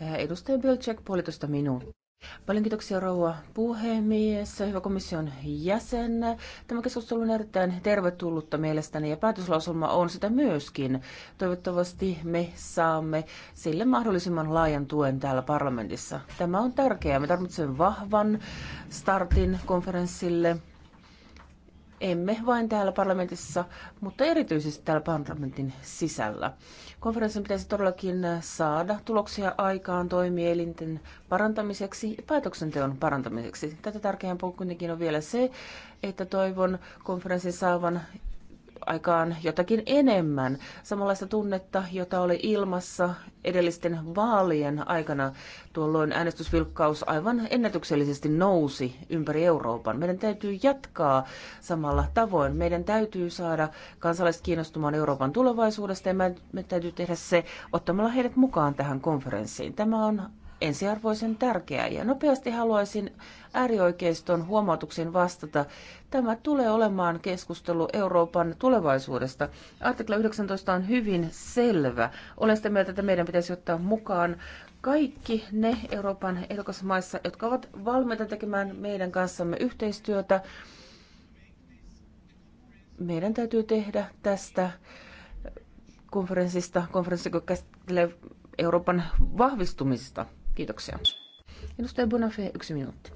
Edustaja Bilczek, puolitoista minuuttia. Paljon kiitoksia rouva puhemies, hyvä komission jäsen. Tämä keskustelu on erittäin tervetullutta mielestäni ja päätöslauselma on sitä myöskin. Toivottavasti me saamme sille mahdollisimman laajan tuen täällä parlamentissa. Tämä on tärkeää. Me tarvitsemme vahvan startin konferenssille emme vain täällä parlamentissa, mutta erityisesti täällä parlamentin sisällä. Konferenssin pitäisi todellakin saada tuloksia aikaan toimielinten parantamiseksi ja päätöksenteon parantamiseksi. Tätä tärkeämpää kuitenkin on vielä se, että toivon konferenssin saavan aikaan jotakin enemmän, samanlaista tunnetta, jota oli ilmassa edellisten vaalien aikana, tuolloin äänestysvilkkaus aivan ennätyksellisesti nousi ympäri Euroopan. Meidän täytyy jatkaa samalla tavoin. Meidän täytyy saada kansalaiset kiinnostumaan Euroopan tulevaisuudesta ja me täytyy tehdä se ottamalla heidät mukaan tähän konferenssiin. Tämä on ensiarvoisen tärkeää. Ja nopeasti haluaisin äärioikeiston huomautuksen vastata. Tämä tulee olemaan keskustelu Euroopan tulevaisuudesta. Artikla 19 on hyvin selvä. Olen sitä mieltä, että meidän pitäisi ottaa mukaan kaikki ne Euroopan maissa, jotka ovat valmiita tekemään meidän kanssamme yhteistyötä. Meidän täytyy tehdä tästä konferenssista, konferenssi, joka käsittelee Euroopan vahvistumista – Kiitoksia. Edustaja Bonafé, yksi minuutti.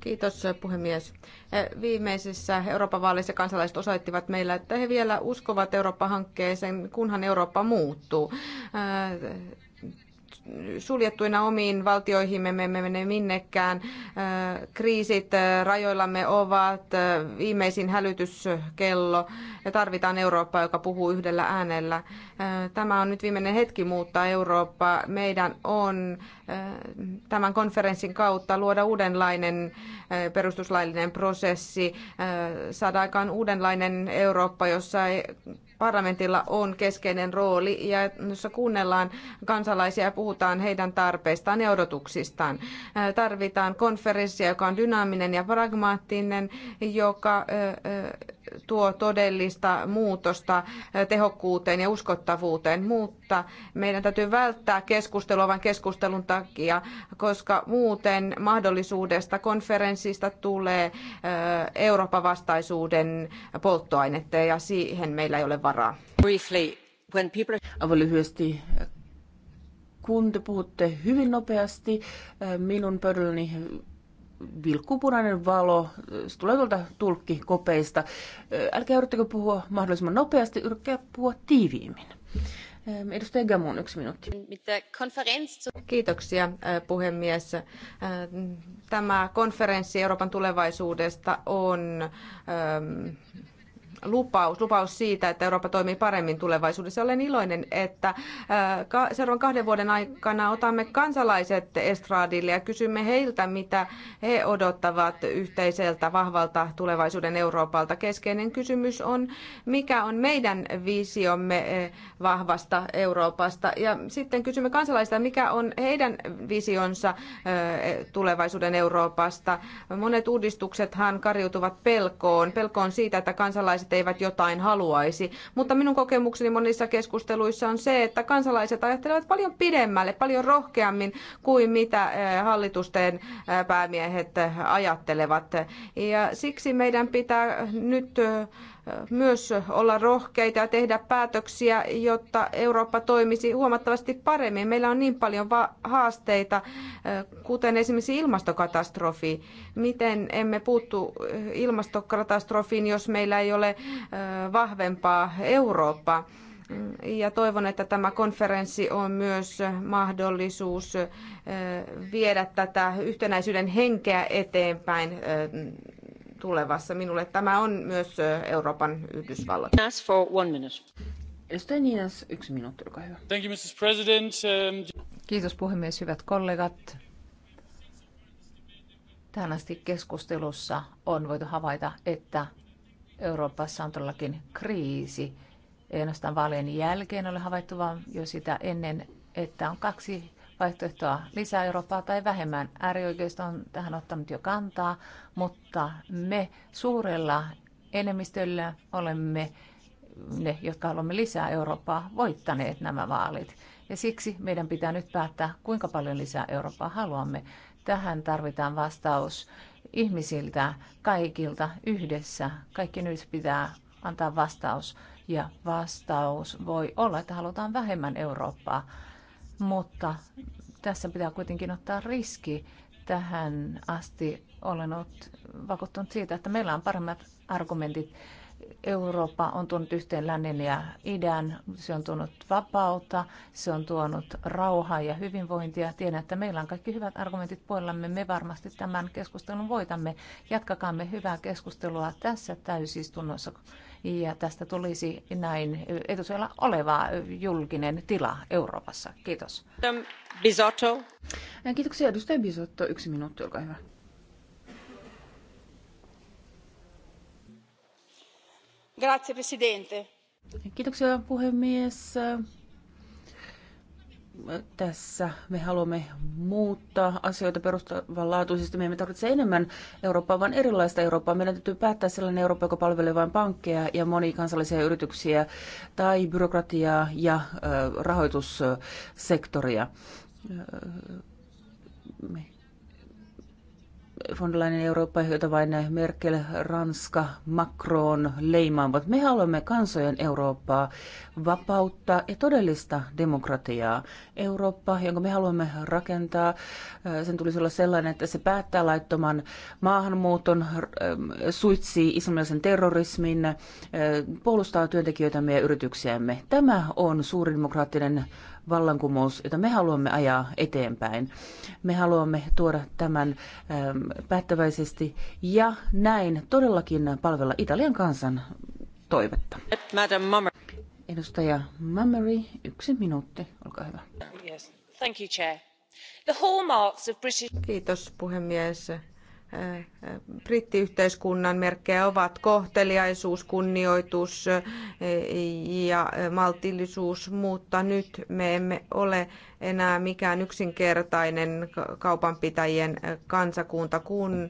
Kiitos puhemies. Eh, viimeisissä Euroopan vaaleissa kansalaiset osoittivat meillä, että he vielä uskovat Eurooppa-hankkeeseen, kunhan Eurooppa muuttuu eh, suljettuina omiin valtioihimme, me emme mene minnekään. Kriisit rajoillamme ovat viimeisin hälytyskello ja tarvitaan Eurooppaa, joka puhuu yhdellä äänellä. Tämä on nyt viimeinen hetki muuttaa Eurooppaa. Meidän on tämän konferenssin kautta luoda uudenlainen perustuslaillinen prosessi, saada aikaan uudenlainen Eurooppa, jossa parlamentilla on keskeinen rooli ja jossa kuunnellaan kansalaisia ja puhutaan heidän tarpeistaan ja odotuksistaan. Tarvitaan konferenssia, joka on dynaaminen ja pragmaattinen, joka tuo todellista muutosta eh, tehokkuuteen ja uskottavuuteen, mutta meidän täytyy välttää keskustelua vain keskustelun takia, koska muuten mahdollisuudesta konferenssista tulee eh, Euroopan vastaisuuden polttoainetta ja siihen meillä ei ole varaa. Briefly, when people... Aivan lyhyesti, kun te puhutte hyvin nopeasti, eh, minun pöydälläni vilkkupunainen valo, se tulee tuolta tulkkikopeista. Älkää yrittäkö puhua mahdollisimman nopeasti, yrittäkää puhua tiiviimmin. Edustaja Gamon, yksi minuutti. Kiitoksia puhemies. Tämä konferenssi Euroopan tulevaisuudesta on lupaus, lupaus siitä, että Eurooppa toimii paremmin tulevaisuudessa. Olen iloinen, että seuraavan kahden vuoden aikana otamme kansalaiset estraadille ja kysymme heiltä, mitä he odottavat yhteiseltä vahvalta tulevaisuuden Euroopalta. Keskeinen kysymys on, mikä on meidän visiomme vahvasta Euroopasta. Ja sitten kysymme kansalaisilta, mikä on heidän visionsa tulevaisuuden Euroopasta. Monet uudistuksethan karjutuvat pelkoon, pelkoon siitä, että kansalaiset kansalaiset eivät jotain haluaisi. Mutta minun kokemukseni monissa keskusteluissa on se, että kansalaiset ajattelevat paljon pidemmälle, paljon rohkeammin kuin mitä eh, hallitusten eh, päämiehet eh, ajattelevat. Ja siksi meidän pitää nyt myös olla rohkeita ja tehdä päätöksiä, jotta Eurooppa toimisi huomattavasti paremmin. Meillä on niin paljon haasteita, kuten esimerkiksi ilmastokatastrofi. Miten emme puuttu ilmastokatastrofiin, jos meillä ei ole vahvempaa Eurooppaa? Ja toivon, että tämä konferenssi on myös mahdollisuus viedä tätä yhtenäisyyden henkeä eteenpäin tulevassa. Minulle tämä on myös Euroopan Yhdysvallat. As for one minute. yksi minuutti, olkaa hyvä. Thank you, President. Um, Kiitos puhemies, hyvät kollegat. Tähän asti keskustelussa on voitu havaita, että Euroopassa on todellakin kriisi. Ei ainoastaan vaalien jälkeen ole havaittu, vaan jo sitä ennen, että on kaksi vaihtoehtoa lisää Eurooppaa tai vähemmän. Äärioikeisto on tähän ottanut jo kantaa, mutta me suurella enemmistöllä olemme ne, jotka haluamme lisää Eurooppaa, voittaneet nämä vaalit. Ja siksi meidän pitää nyt päättää, kuinka paljon lisää Eurooppaa haluamme. Tähän tarvitaan vastaus ihmisiltä, kaikilta yhdessä. Kaikki nyt pitää antaa vastaus. Ja vastaus voi olla, että halutaan vähemmän Eurooppaa mutta tässä pitää kuitenkin ottaa riski. Tähän asti olen ollut vakuuttunut siitä, että meillä on paremmat argumentit Eurooppa on tuonut yhteen lännen ja idän, se on tuonut vapautta, se on tuonut rauhaa ja hyvinvointia. Tiedän, että meillä on kaikki hyvät argumentit puolellamme. Me varmasti tämän keskustelun voitamme. Jatkakaamme hyvää keskustelua tässä täysistunnossa. Ja tästä tulisi näin etusella oleva julkinen tila Euroopassa. Kiitos. Bisotto. Kiitoksia edustaja Bisotto. Yksi minuutti, olkaa hyvä. arvoisa Kiitoksia puhemies. Tässä me haluamme muuttaa asioita perustavanlaatuisesti. Me emme tarvitse enemmän Eurooppaa, vaan erilaista Eurooppaa. Meidän täytyy päättää sellainen Eurooppa, joka palvelee vain pankkeja ja monikansallisia yrityksiä tai byrokratiaa ja rahoitussektoria von Leyen Eurooppa, jota vain Merkel, Ranska, Macron leimaavat. Me haluamme kansojen Eurooppaa, vapautta ja todellista demokratiaa. Eurooppa, jonka me haluamme rakentaa, äh, sen tulisi olla sellainen, että se päättää laittoman maahanmuuton, äh, suitsii islamilaisen terrorismin, äh, puolustaa työntekijöitämme ja yrityksiämme. Tämä on suuri demokraattinen vallankumous, jota me haluamme ajaa eteenpäin. Me haluamme tuoda tämän ähm, päättäväisesti ja näin todellakin palvella Italian kansan toivetta. Edustaja Mammery, yksi minuutti, olkaa hyvä. Kiitos puhemies brittiyhteiskunnan merkkejä ovat kohteliaisuus, kunnioitus ja maltillisuus, mutta nyt me emme ole enää mikään yksinkertainen kaupanpitäjien kansakunta, kun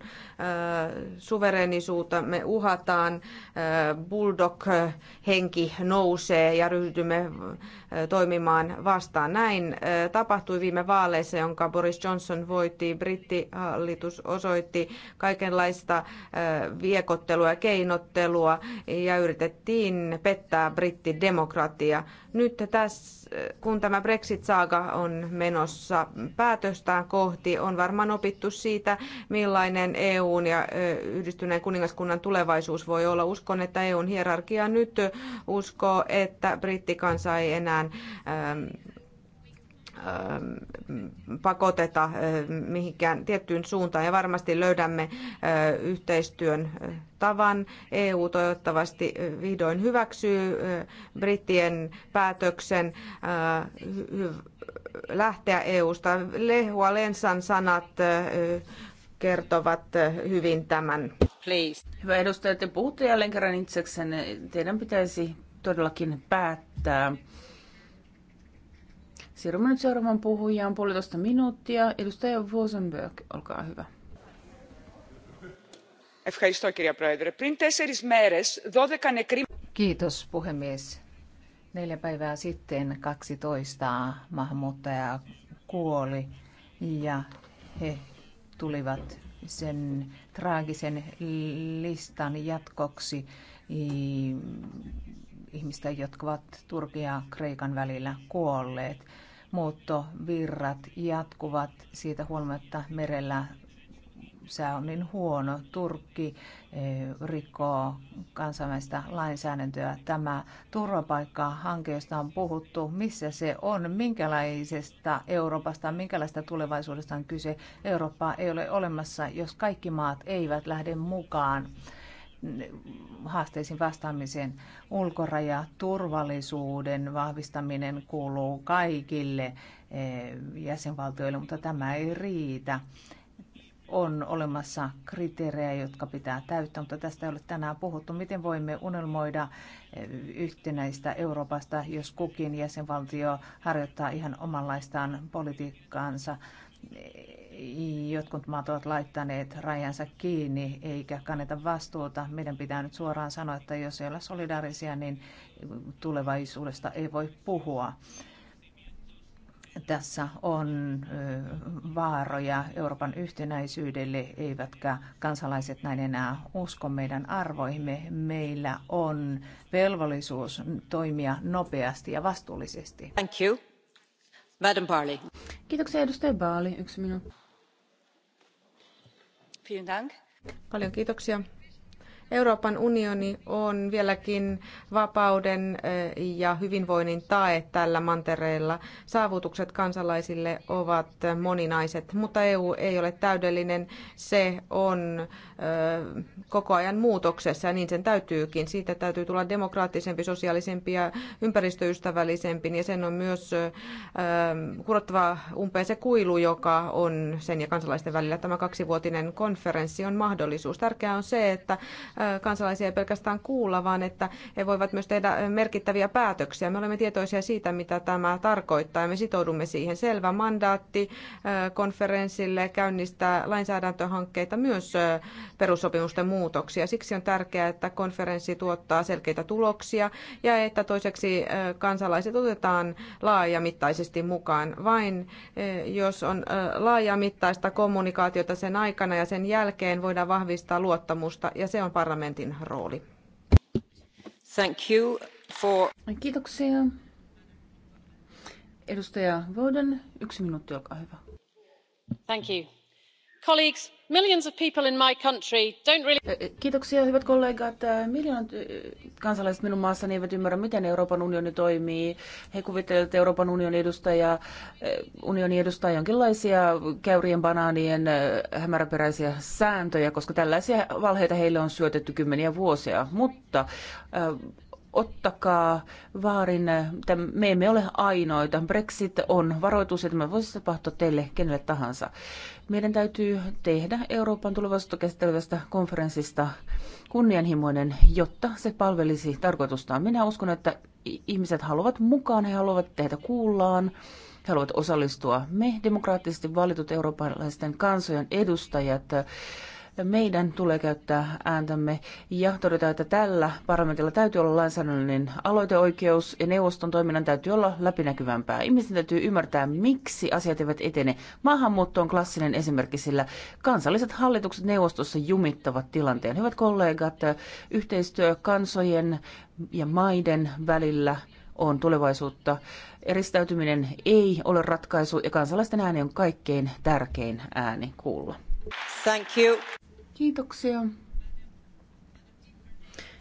suverenisuutta me uhataan, bulldog-henki nousee ja ryhdymme toimimaan vastaan. Näin tapahtui viime vaaleissa, jonka Boris Johnson voitti. Brittihallitus osoitti kaikenlaista viekottelua ja keinottelua ja yritettiin pettää brittidemokratia. Nyt tässä kun tämä Brexit-saaga on menossa päätöstään kohti, on varmaan opittu siitä, millainen EUn ja yhdistyneen kuningaskunnan tulevaisuus voi olla. Uskon, että EUn hierarkia nyt uskoo, että brittikansa ei enää Ähm, pakoteta äh, mihinkään tiettyyn suuntaan ja varmasti löydämme äh, yhteistyön äh, tavan. EU toivottavasti vihdoin hyväksyy brittien päätöksen lähteä EUsta. Lehua Lensan sanat kertovat hyvin tämän. Please. Hyvä edustaja, te puhutte jälleen kerran itseksenne. Teidän pitäisi todellakin päättää. Siirrymme nyt seuraavan puhujaan puolitoista minuuttia. Edustaja Vosenberg, olkaa hyvä. Kiitos puhemies. Neljä päivää sitten 12 maahanmuuttajaa kuoli ja he tulivat sen traagisen listan jatkoksi ihmistä, jotka ovat Turkia ja Kreikan välillä kuolleet muuttovirrat jatkuvat siitä huolimatta merellä sää on niin huono. Turkki eh, rikkoo kansainvälistä lainsäädäntöä. Tämä turvapaikkahanke, josta on puhuttu, missä se on, minkälaisesta Euroopasta, minkälaista tulevaisuudesta on kyse. Eurooppaa ei ole olemassa, jos kaikki maat eivät lähde mukaan haasteisiin vastaamiseen. Ulkoraja, turvallisuuden vahvistaminen kuuluu kaikille eh, jäsenvaltioille, mutta tämä ei riitä. On olemassa kriteerejä, jotka pitää täyttää, mutta tästä ei ole tänään puhuttu. Miten voimme unelmoida eh, yhtenäistä Euroopasta, jos kukin jäsenvaltio harjoittaa ihan omanlaistaan politiikkaansa? jotkut maat ovat laittaneet rajansa kiinni eikä kanneta vastuuta. Meidän pitää nyt suoraan sanoa, että jos ei ole solidaarisia, niin tulevaisuudesta ei voi puhua. Tässä on vaaroja Euroopan yhtenäisyydelle, eivätkä kansalaiset näin enää usko meidän arvoihimme. Meillä on velvollisuus toimia nopeasti ja vastuullisesti. Thank you. Madam Barley. Kiitoksia edustaja Baali. Yksi minuutti. Paljon kiitoksia. Euroopan unioni on vieläkin vapauden ja hyvinvoinnin tae tällä mantereella. Saavutukset kansalaisille ovat moninaiset, mutta EU ei ole täydellinen. Se on koko ajan muutoksessa ja niin sen täytyykin. Siitä täytyy tulla demokraattisempi, sosiaalisempi ja ympäristöystävällisempi ja sen on myös kurottava umpeen se kuilu, joka on sen ja kansalaisten välillä. Tämä kaksivuotinen konferenssi on mahdollisuus. Tärkeää on se, että kansalaisia ei pelkästään kuulla, vaan että he voivat myös tehdä merkittäviä päätöksiä. Me olemme tietoisia siitä, mitä tämä tarkoittaa ja me sitoudumme siihen. Selvä mandaatti konferenssille käynnistää lainsäädäntöhankkeita myös perussopimusten muutoksia. Siksi on tärkeää, että konferenssi tuottaa selkeitä tuloksia ja että toiseksi kansalaiset otetaan laajamittaisesti mukaan. Vain jos on laajamittaista kommunikaatiota sen aikana ja sen jälkeen voidaan vahvistaa luottamusta ja se on parasta parlamentin rooli. Kiitoksia. Edustaja Voden, yksi minuutti, olkaa hyvä. Thank you. Colleagues, millions of people in my country don't really... Kiitoksia hyvät kollegat. Miljoonat kansalaiset minun maassani eivät ymmärrä, miten Euroopan unioni toimii. He kuvittelevat, että Euroopan unionin edustaja, unioni edustaa jonkinlaisia käyrien banaanien hämäräperäisiä sääntöjä, koska tällaisia valheita heille on syötetty kymmeniä vuosia. Mutta ottakaa vaarin, että me emme ole ainoita. Brexit on varoitus, että me voisi tapahtua teille kenelle tahansa. Meidän täytyy tehdä Euroopan tulevaisuutta konferenssista kunnianhimoinen, jotta se palvelisi tarkoitustaan. Minä uskon, että ihmiset haluavat mukaan, he haluavat tehdä kuullaan, he haluavat osallistua. Me demokraattisesti valitut eurooppalaisten kansojen edustajat meidän tulee käyttää ääntämme ja todeta, että tällä parlamentilla täytyy olla lainsäädännöllinen aloiteoikeus ja neuvoston toiminnan täytyy olla läpinäkyvämpää. Ihmisten täytyy ymmärtää, miksi asiat eivät etene. Maahanmuutto on klassinen esimerkki, sillä kansalliset hallitukset neuvostossa jumittavat tilanteen. Hyvät kollegat, yhteistyö kansojen ja maiden välillä on tulevaisuutta. Eristäytyminen ei ole ratkaisu ja kansalaisten ääni on kaikkein tärkein ääni kuulla. Thank you. Kiitoksia.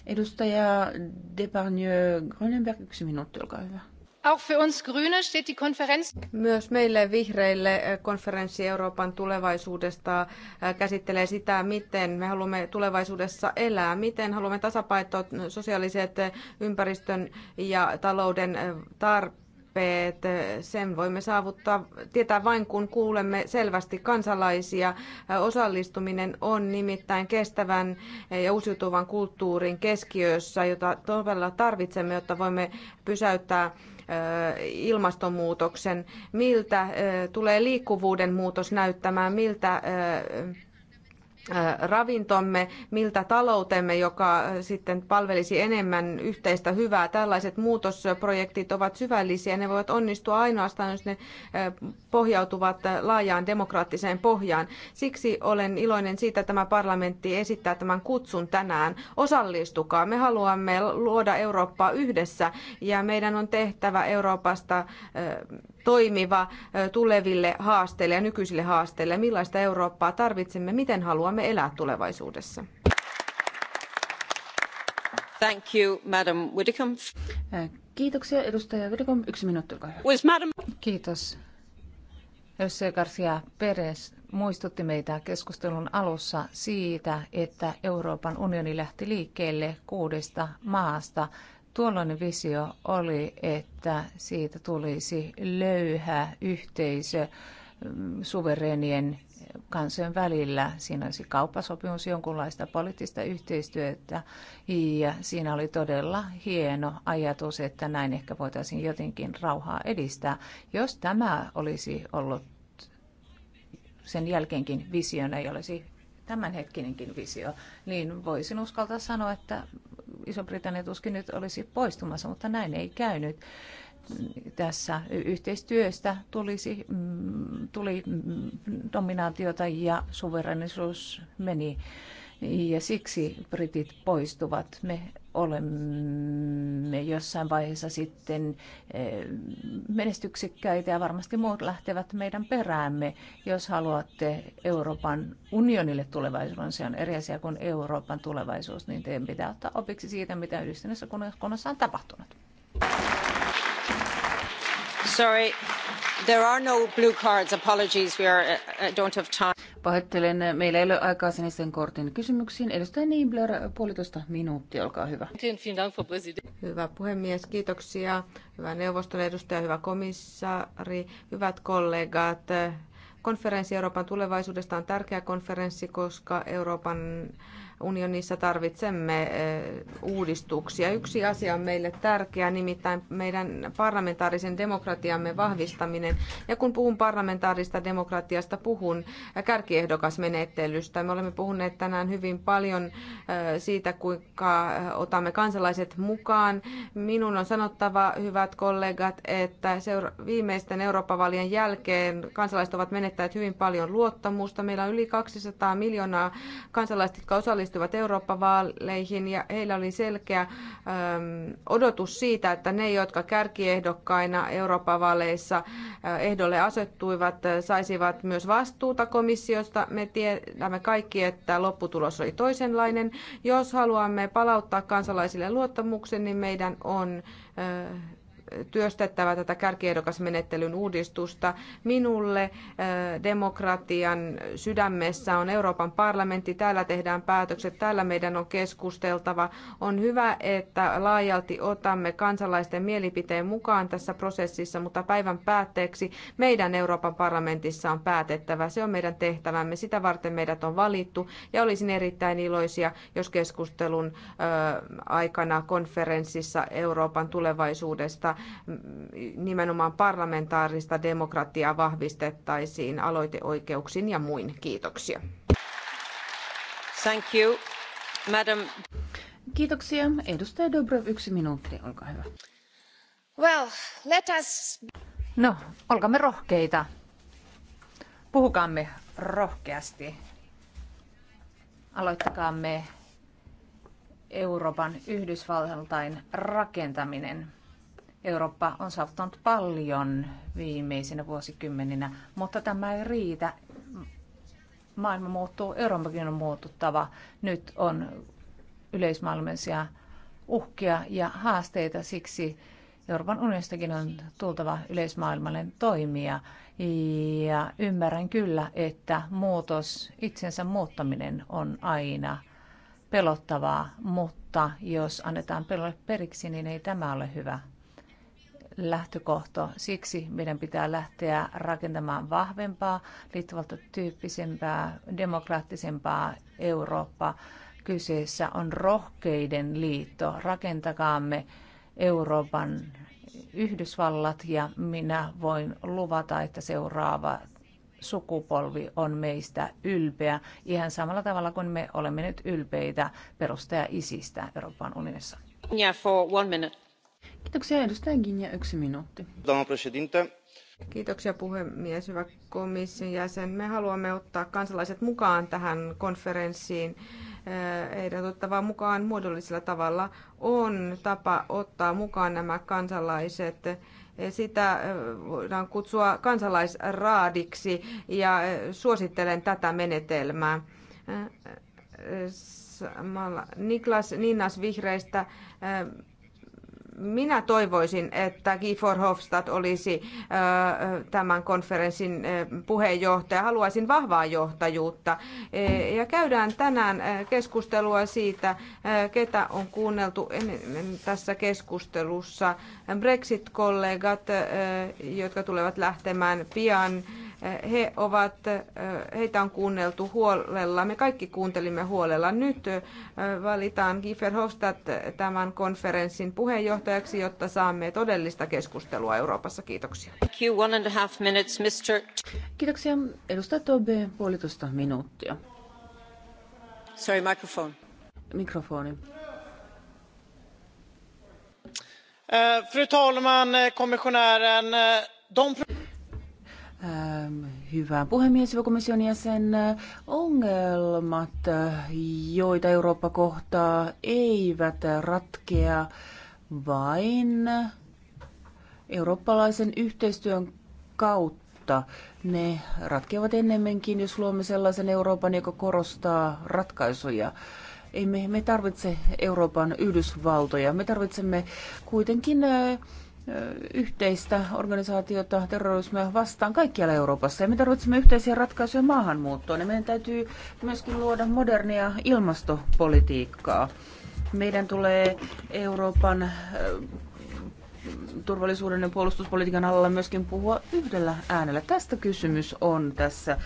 Edustaja Depardieu Grönenberg, yksi minuutti, olkaa hyvä. Auch für uns Grüne steht die Konferenz. Myös meille vihreille eh, konferenssi Euroopan tulevaisuudesta eh, käsittelee sitä, miten me haluamme tulevaisuudessa elää, miten haluamme tasapainottaa sosiaaliset eh, ympäristön ja talouden tarpeet tarpeet. Sen voimme saavuttaa, tietää vain kun kuulemme selvästi kansalaisia. Osallistuminen on nimittäin kestävän ja uusiutuvan kulttuurin keskiössä, jota todella tarvitsemme, jotta voimme pysäyttää ilmastonmuutoksen, miltä tulee liikkuvuuden muutos näyttämään, miltä ravintomme, miltä taloutemme, joka sitten palvelisi enemmän yhteistä hyvää. Tällaiset muutosprojektit ovat syvällisiä. Ne voivat onnistua ainoastaan, jos ne pohjautuvat laajaan demokraattiseen pohjaan. Siksi olen iloinen siitä, että tämä parlamentti esittää tämän kutsun tänään. Osallistukaa. Me haluamme luoda Eurooppaa yhdessä ja meidän on tehtävä Euroopasta toimiva tuleville haasteille ja nykyisille haasteille, millaista Eurooppaa tarvitsemme, miten haluamme elää tulevaisuudessa. Thank you, Madam Widdicombe. Kiitoksia, edustaja Widdicombe. Yksi minuutti, olkaa hyvä. Madam... Kiitos. Jose Garcia Perez muistutti meitä keskustelun alussa siitä, että Euroopan unioni lähti liikkeelle kuudesta maasta, Tuollainen visio oli, että siitä tulisi löyhä yhteisö mm, suvereenien kansojen välillä. Siinä olisi kauppasopimus, jonkunlaista poliittista yhteistyötä ja siinä oli todella hieno ajatus, että näin ehkä voitaisiin jotenkin rauhaa edistää. Jos tämä olisi ollut sen jälkeenkin visiona ei olisi tämänhetkinenkin visio, niin voisin uskaltaa sanoa, että Iso-Britannia tuskin nyt olisi poistumassa, mutta näin ei käynyt tässä yhteistyöstä tulisi, mm, tuli mm, dominaatiota ja suverenisuus meni. Ja siksi britit poistuvat. Me olemme jossain vaiheessa sitten eh, menestyksekkäitä ja varmasti muut lähtevät meidän peräämme. Jos haluatte Euroopan unionille tulevaisuuden, se on eri asia kuin Euroopan tulevaisuus, niin teidän pitää ottaa opiksi siitä, mitä yhdistyneessä kunnassa on tapahtunut. Sorry, there are no blue cards. Apologies, we are, eh, eh, don't have time. Pahoittelen, meillä ei ole aikaa sinisen kortin kysymyksiin. Edustaja Niebler, puolitoista minuuttia, olkaa hyvä. Hyvä puhemies, kiitoksia. Hyvä neuvoston edustaja, hyvä komissaari, hyvät kollegat. Konferenssi Euroopan tulevaisuudesta on tärkeä konferenssi, koska Euroopan unionissa tarvitsemme eh, uudistuksia. Yksi asia on meille tärkeä, nimittäin meidän parlamentaarisen demokratiamme vahvistaminen. Ja kun puhun parlamentaarista demokratiasta, puhun kärkiehdokasmenettelystä. Me olemme puhuneet tänään hyvin paljon eh, siitä, kuinka otamme kansalaiset mukaan. Minun on sanottava, hyvät kollegat, että viimeisten Euroopan valien jälkeen kansalaiset ovat menettäneet hyvin paljon luottamusta. Meillä on yli 200 miljoonaa kansalaista, jotka osallistuvat osallistuivat Eurooppa-vaaleihin ja heillä oli selkeä ähm, odotus siitä, että ne, jotka kärkiehdokkaina Eurooppa-vaaleissa äh, ehdolle asettuivat, äh, saisivat myös vastuuta komissiosta. Me tiedämme kaikki, että lopputulos oli toisenlainen. Jos haluamme palauttaa kansalaisille luottamuksen, niin meidän on äh, työstettävä tätä kärkiehdokasmenettelyn uudistusta. Minulle äh, demokratian sydämessä on Euroopan parlamentti. Täällä tehdään päätökset, täällä meidän on keskusteltava. On hyvä, että laajalti otamme kansalaisten mielipiteen mukaan tässä prosessissa, mutta päivän päätteeksi meidän Euroopan parlamentissa on päätettävä. Se on meidän tehtävämme. Sitä varten meidät on valittu ja olisin erittäin iloisia, jos keskustelun aikana konferenssissa Euroopan tulevaisuudesta Mm, nimenomaan parlamentaarista demokratiaa vahvistettaisiin aloiteoikeuksin ja muin. Kiitoksia. Thank you, madam. Kiitoksia. Edustaja Dobrov, yksi minuutti, olkaa hyvä. Well, let us... No, olkaamme rohkeita. Puhukaamme rohkeasti. Aloittakaamme Euroopan Yhdysvaltain rakentaminen. Eurooppa on saavuttanut paljon viimeisinä vuosikymmeninä, mutta tämä ei riitä. Maailma muuttuu, Euroopankin on muututtava. Nyt on yleismaailmallisia uhkia ja haasteita, siksi Euroopan unionistakin on tultava yleismaailmallinen toimija. Ja ymmärrän kyllä, että muutos, itsensä muuttaminen on aina pelottavaa, mutta jos annetaan pelolle periksi, niin ei tämä ole hyvä lähtökohta. Siksi meidän pitää lähteä rakentamaan vahvempaa, liittovaltotyyppisempää, demokraattisempaa Eurooppaa. Kyseessä on rohkeiden liitto. Rakentakaamme Euroopan Yhdysvallat ja minä voin luvata, että seuraava sukupolvi on meistä ylpeä, ihan samalla tavalla kuin me olemme nyt ylpeitä perustaja isistä Euroopan unionissa. Yeah, for one minute. Kiitoksia edustaja Ginja, yksi minuutti. Kiitoksia puhemies, hyvä komission jäsen. Me haluamme ottaa kansalaiset mukaan tähän konferenssiin. Eh, Heidän otettavaa mukaan muodollisella tavalla on tapa ottaa mukaan nämä kansalaiset eh, sitä eh, voidaan kutsua kansalaisraadiksi ja suosittelen tätä menetelmää. Niklas Ninnas Vihreistä minä toivoisin, että Guy Verhofstadt olisi tämän konferenssin puheenjohtaja. Haluaisin vahvaa johtajuutta. E, ja käydään tänään keskustelua siitä, ketä on kuunneltu tässä keskustelussa. Brexit-kollegat, jotka tulevat lähtemään pian he ovat, heitä on kuunneltu huolella, me kaikki kuuntelimme huolella. Nyt valitaan Giefer Hofstadt tämän konferenssin puheenjohtajaksi, jotta saamme todellista keskustelua Euroopassa. Kiitoksia. Thank you. One and a half minutes, Mr. Kiitoksia. Edustaja Tobe, puolitoista minuuttia. Sorry, microphone. Mikrofoni. Eh, fru talman, eh, kommissionären. Eh, de... Ähm, hyvä puhemies, ja komission jäsen. Ongelmat, joita Eurooppa kohtaa, eivät ratkea vain eurooppalaisen yhteistyön kautta. Ne ratkeavat ennemminkin, jos luomme sellaisen Euroopan, joka korostaa ratkaisuja. Emme me tarvitse Euroopan Yhdysvaltoja. Me tarvitsemme kuitenkin äh, yhteistä organisaatiota terrorismia vastaan kaikkialla Euroopassa. Ja me tarvitsemme yhteisiä ratkaisuja maahanmuuttoon. Ja meidän täytyy myöskin luoda modernia ilmastopolitiikkaa. Meidän tulee Euroopan turvallisuuden ja puolustuspolitiikan alalla myöskin puhua yhdellä äänellä. Tästä kysymys on tässä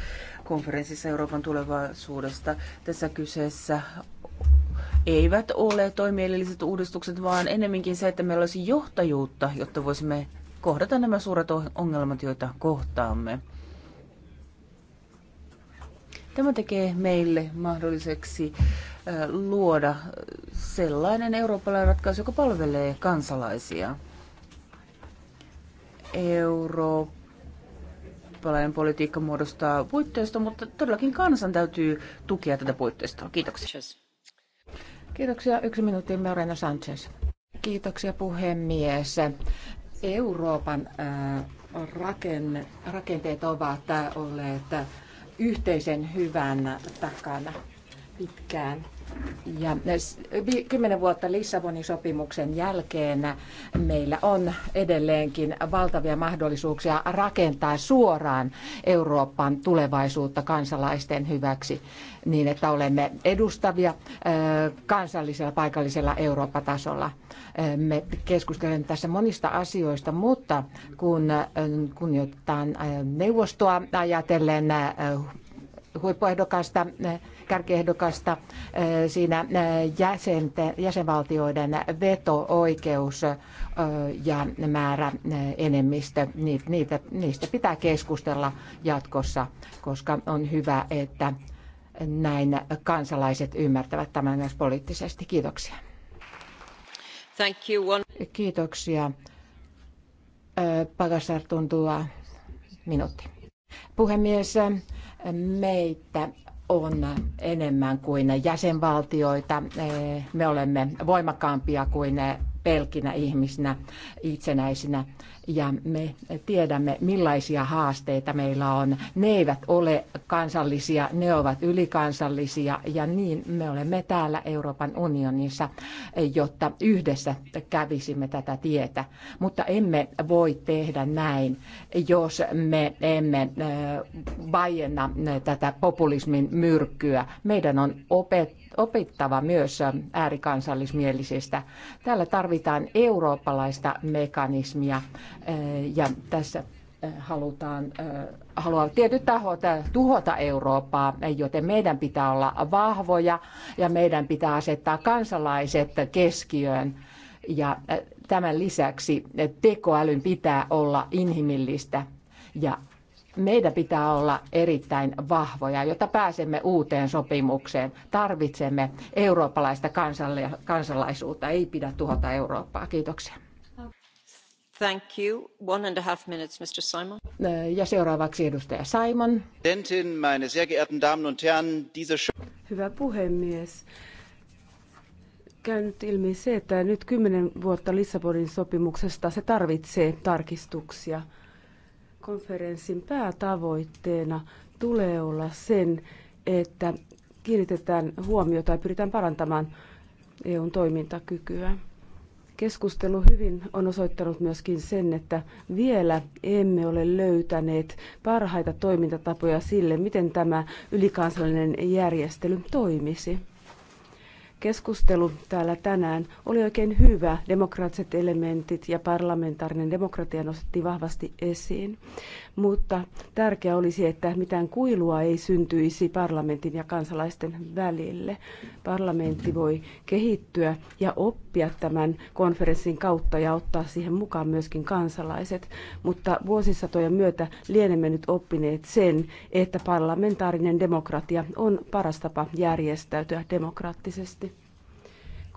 konferenssissa Euroopan tulevaisuudesta. Tässä kyseessä eivät ole toimielilliset uudistukset, vaan enemminkin se, että meillä olisi johtajuutta, jotta voisimme kohdata nämä suuret ongelmat, joita kohtaamme. Tämä tekee meille mahdolliseksi luoda sellainen eurooppalainen ratkaisu, joka palvelee kansalaisia. Eurooppalainen politiikka muodostaa puitteista, mutta todellakin kansan täytyy tukea tätä puitteista. Kiitoksia. Kiitoksia. Yksi minuutti Moreno Sanchez. Kiitoksia puhemies. Euroopan äh, rakenne, rakenteet ovat olleet yhteisen hyvän takana pitkään. Ja kymmenen vuotta Lissabonin sopimuksen jälkeen meillä on edelleenkin valtavia mahdollisuuksia rakentaa suoraan Euroopan tulevaisuutta kansalaisten hyväksi niin, että olemme edustavia kansallisella, paikallisella Eurooppa-tasolla. Me keskustelemme tässä monista asioista, mutta kun kunnioitetaan neuvostoa ajatellen huippuehdokasta, kärkiehdokasta eh, siinä eh, jäsenten, jäsenvaltioiden veto-oikeus eh, ja määrä enemmistö. Niitä, niistä pitää keskustella jatkossa, koska on hyvä, että näin kansalaiset ymmärtävät tämän myös poliittisesti. Kiitoksia. Thank you. Kiitoksia. Pagasar tuntua minuutti. Puhemies, meitä on enemmän kuin jäsenvaltioita. Eh, me olemme voimakkaampia kuin pelkinä ihmisinä, itsenäisinä. Ja me tiedämme, millaisia haasteita meillä on. Ne eivät ole kansallisia, ne ovat ylikansallisia ja niin me olemme täällä Euroopan unionissa, jotta yhdessä kävisimme tätä tietä. Mutta emme voi tehdä näin, jos me emme vaienna tätä populismin myrkkyä. Meidän on opettaa opittava myös äärikansallismielisistä. Täällä tarvitaan eurooppalaista mekanismia eh, ja tässä eh, halutaan, eh, haluaa tietyt tahot tuhota Eurooppaa, joten meidän pitää olla vahvoja ja meidän pitää asettaa kansalaiset keskiöön. Ja tämän lisäksi tekoälyn pitää olla inhimillistä ja meidän pitää olla erittäin vahvoja, jotta pääsemme uuteen sopimukseen. Tarvitsemme eurooppalaista kansalaisuutta. Ei pidä tuhota Eurooppaa. Kiitoksia. Thank you. One and a half minutes, Mr. Simon. Äh, ja seuraavaksi edustaja Simon. Meine sehr geehrten Damen und Herren, diese... Hyvä puhemies käynyt ilmi se, että nyt kymmenen vuotta Lissabonin sopimuksesta se tarvitsee tarkistuksia – Konferenssin päätavoitteena tulee olla sen, että kiinnitetään huomiota ja pyritään parantamaan EUn toimintakykyä. Keskustelu hyvin on osoittanut myöskin sen, että vielä emme ole löytäneet parhaita toimintatapoja sille, miten tämä ylikansallinen järjestely toimisi. Keskustelu täällä tänään oli oikein hyvä. Demokraattiset elementit ja parlamentaarinen demokratia nostettiin vahvasti esiin. Mutta tärkeää olisi, että mitään kuilua ei syntyisi parlamentin ja kansalaisten välille. Parlamentti voi kehittyä ja oppia tämän konferenssin kautta ja ottaa siihen mukaan myöskin kansalaiset. Mutta vuosisatojen myötä lienemme nyt oppineet sen, että parlamentaarinen demokratia on paras tapa järjestäytyä demokraattisesti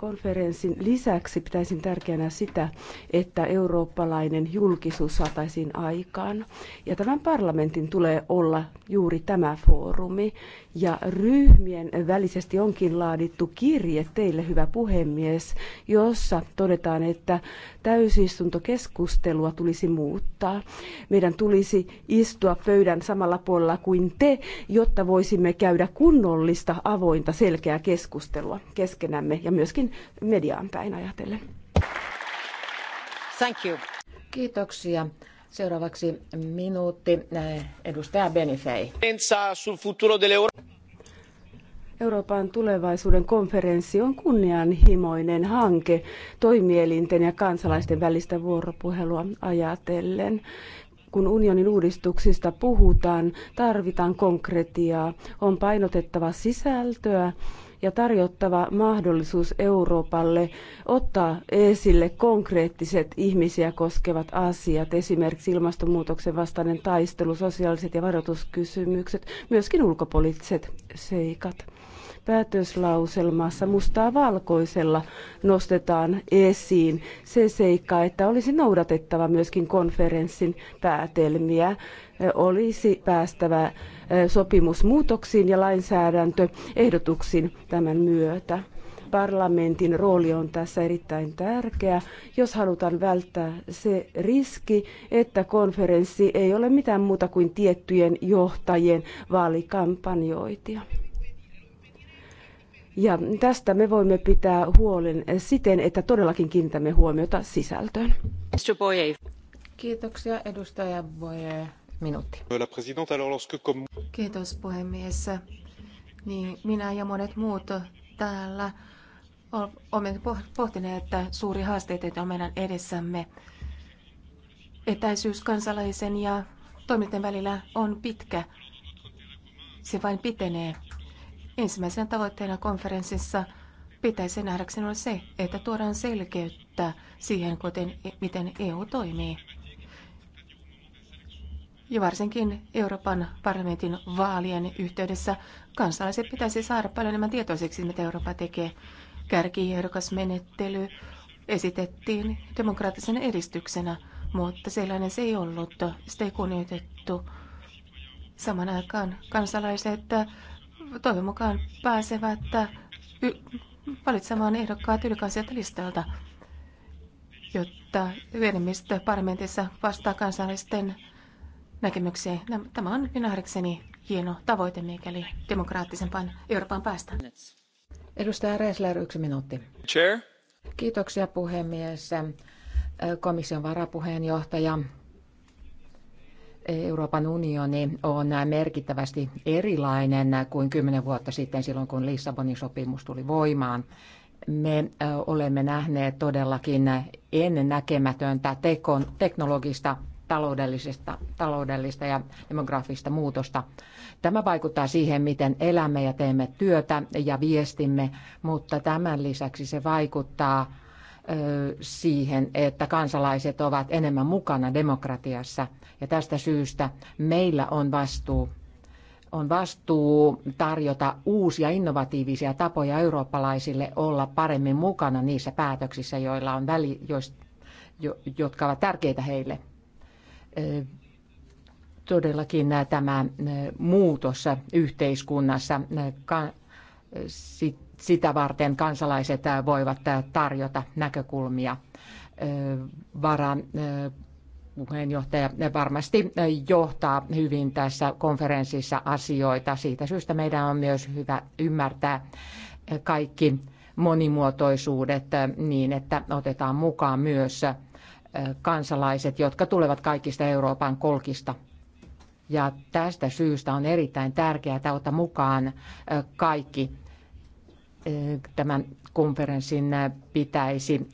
konferenssin lisäksi pitäisin tärkeänä sitä, että eurooppalainen julkisuus saataisiin aikaan. Ja tämän parlamentin tulee olla juuri tämä foorumi. Ja ryhmien välisesti onkin laadittu kirje teille, hyvä puhemies, jossa todetaan, että täysistuntokeskustelua tulisi muuttaa. Meidän tulisi istua pöydän samalla puolella kuin te, jotta voisimme käydä kunnollista, avointa, selkeää keskustelua keskenämme ja myöskin mediaan päin ajatellen. Thank you. Kiitoksia. Seuraavaksi minuutti eh, edustaja Benifei. Euroopan tulevaisuuden konferenssi on kunnianhimoinen hanke toimielinten ja kansalaisten välistä vuoropuhelua ajatellen. Kun unionin uudistuksista puhutaan, tarvitaan konkretiaa, on painotettava sisältöä ja tarjottava mahdollisuus Euroopalle ottaa esille konkreettiset ihmisiä koskevat asiat, esimerkiksi ilmastonmuutoksen vastainen taistelu, sosiaaliset ja varoituskysymykset, myöskin ulkopoliittiset seikat. Päätöslauselmassa mustaa valkoisella nostetaan esiin se seikka, että olisi noudatettava myöskin konferenssin päätelmiä, olisi päästävä sopimusmuutoksiin ja lainsäädäntöehdotuksiin tämän myötä. Parlamentin rooli on tässä erittäin tärkeä, jos halutaan välttää se riski, että konferenssi ei ole mitään muuta kuin tiettyjen johtajien vaalikampanjointia. Ja tästä me voimme pitää huolen siten, että todellakin kiinnitämme huomiota sisältöön. Kiitoksia edustaja Minuutti. Kiitos puhemies. Niin, minä ja monet muut täällä olemme pohtineet, että suuri haasteita on meidän edessämme. Etäisyys kansalaisen ja toimijoiden välillä on pitkä. Se vain pitenee. Ensimmäisenä tavoitteena konferenssissa pitäisi nähdäkseni olla se, että tuodaan selkeyttä siihen, kuten, miten EU toimii ja varsinkin Euroopan parlamentin vaalien yhteydessä kansalaiset pitäisi saada paljon enemmän tietoiseksi, mitä Eurooppa tekee. menettely esitettiin demokraattisen edistyksenä, mutta sellainen se ei ollut. Sitä ei kunnioitettu. Saman aikaan kansalaiset toivon mukaan pääsevät valitsemaan ehdokkaat ylikansiota listalta, jotta enemmistö parlamentissa vastaa kansalaisten näkemykseen. Tämä on minun hieno tavoite, mikäli demokraattisempaan Euroopan päästään. Edustaja Reisler, yksi minuutti. Chair. Kiitoksia puhemies. Komission varapuheenjohtaja, Euroopan unioni on merkittävästi erilainen kuin kymmenen vuotta sitten silloin, kun Lissabonin sopimus tuli voimaan. Me olemme nähneet todellakin ennennäkemätöntä näkemätöntä teknologista taloudellisesta, taloudellista ja demografista muutosta. Tämä vaikuttaa siihen, miten elämme ja teemme työtä ja viestimme, mutta tämän lisäksi se vaikuttaa siihen, että kansalaiset ovat enemmän mukana demokratiassa. Ja tästä syystä meillä on vastuu on vastuu tarjota uusia innovatiivisia tapoja eurooppalaisille olla paremmin mukana niissä päätöksissä, joilla on väli, jotka ovat tärkeitä heille todellakin tämä muutos yhteiskunnassa sitä varten kansalaiset voivat tarjota näkökulmia. varan puheenjohtaja varmasti johtaa hyvin tässä konferenssissa asioita. Siitä syystä meidän on myös hyvä ymmärtää kaikki monimuotoisuudet niin, että otetaan mukaan myös kansalaiset, jotka tulevat kaikista Euroopan kolkista. Ja tästä syystä on erittäin tärkeää ottaa mukaan kaikki. Tämän konferenssin pitäisi